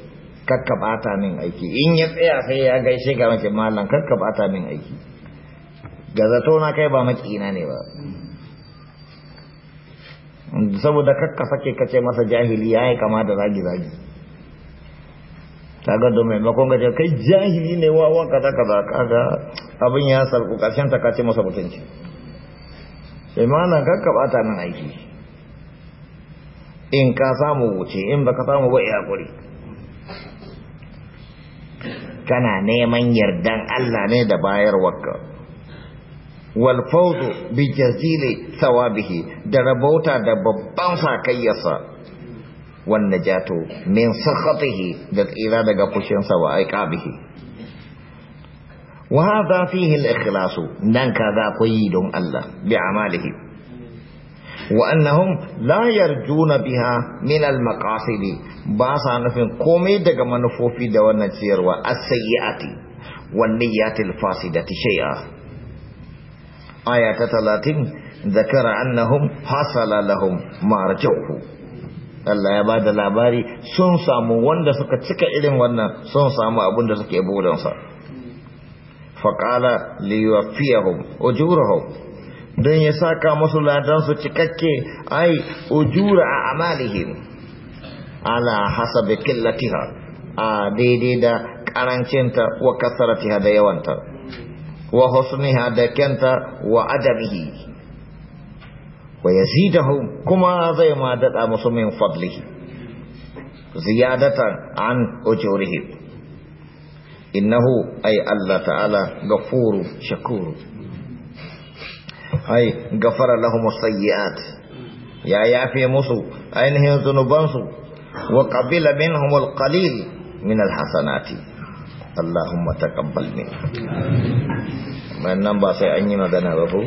kakka bata min aiki in ya tsaya sai ya gaishe ga mace mallan kakka bata min aiki ga zato na kai ba makina ne ba saboda kakka sake kace masa jahili yi kama da zagi zagi gado mai makon gajiyar kai jahili ne wawa kaza kaza kaga abin ya sarku karshen ta kace masa mutunci sai mana kakka bata nan aiki in ka samu wuce in baka samu ba ya kuri kana neman yardan Allah ne da wakka walfauzu bi jazili sawabihi da rabauta da babban sakayyarsa wanda jato min sakhatihi da tsira daga fushinsa wa aikabihi wa hadha yi al-ikhlasu nan kaza koyi don Allah bi amalihi wa annahum la yarjuna biha min al-maqasid ba sa nufin komai daga manufofi da wannan ciyarwa as-sayyiati wan niyyati al-fasidati shay'a aya ta talatin zakara annahum hasala lahum marjauhu Allah ya ba da labari sun samu wanda suka cika irin wannan sun samu abin da suke burinsa faƙala liyafiyahum ujurahum don ya saka musu su cikakke ai ujura a amalihim ala hasabi killatiha a daidai da karancinta wa kasaratiha da yawanta wa husniha da kyanta wa adamihi wa yazidahu kuma zai ma daɗa musu min fadlihi ziyadatan an ujurihim innahu ay Allah ta'ala gafuru shakuru ay gafara lahum sayyi'at ya yafe musu ainihin zunubansu wa qabila minhum alqalil min alhasanati Allahumma taqabbalni. Amin. Main nambah saya ini nak dana bapu?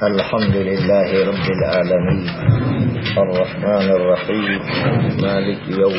الحمد لله رب العالمين الرحمن الرحيم مالك يوم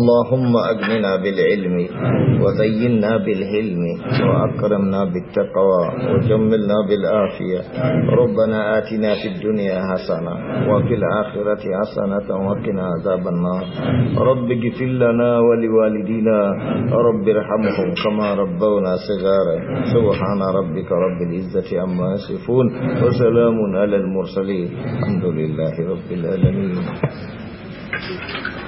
اللهم أجننا بالعلم وزينا بالهلم وأكرمنا بالتقوى وجملنا بالآفية ربنا آتنا في الدنيا حسنة وفي الآخرة حسنة وقنا عذاب النار رب اغفر لنا ولوالدينا رب ارحمهم كما ربونا صغارا سبحان ربك رب العزة عما يصفون وسلام على المرسلين الحمد لله رب العالمين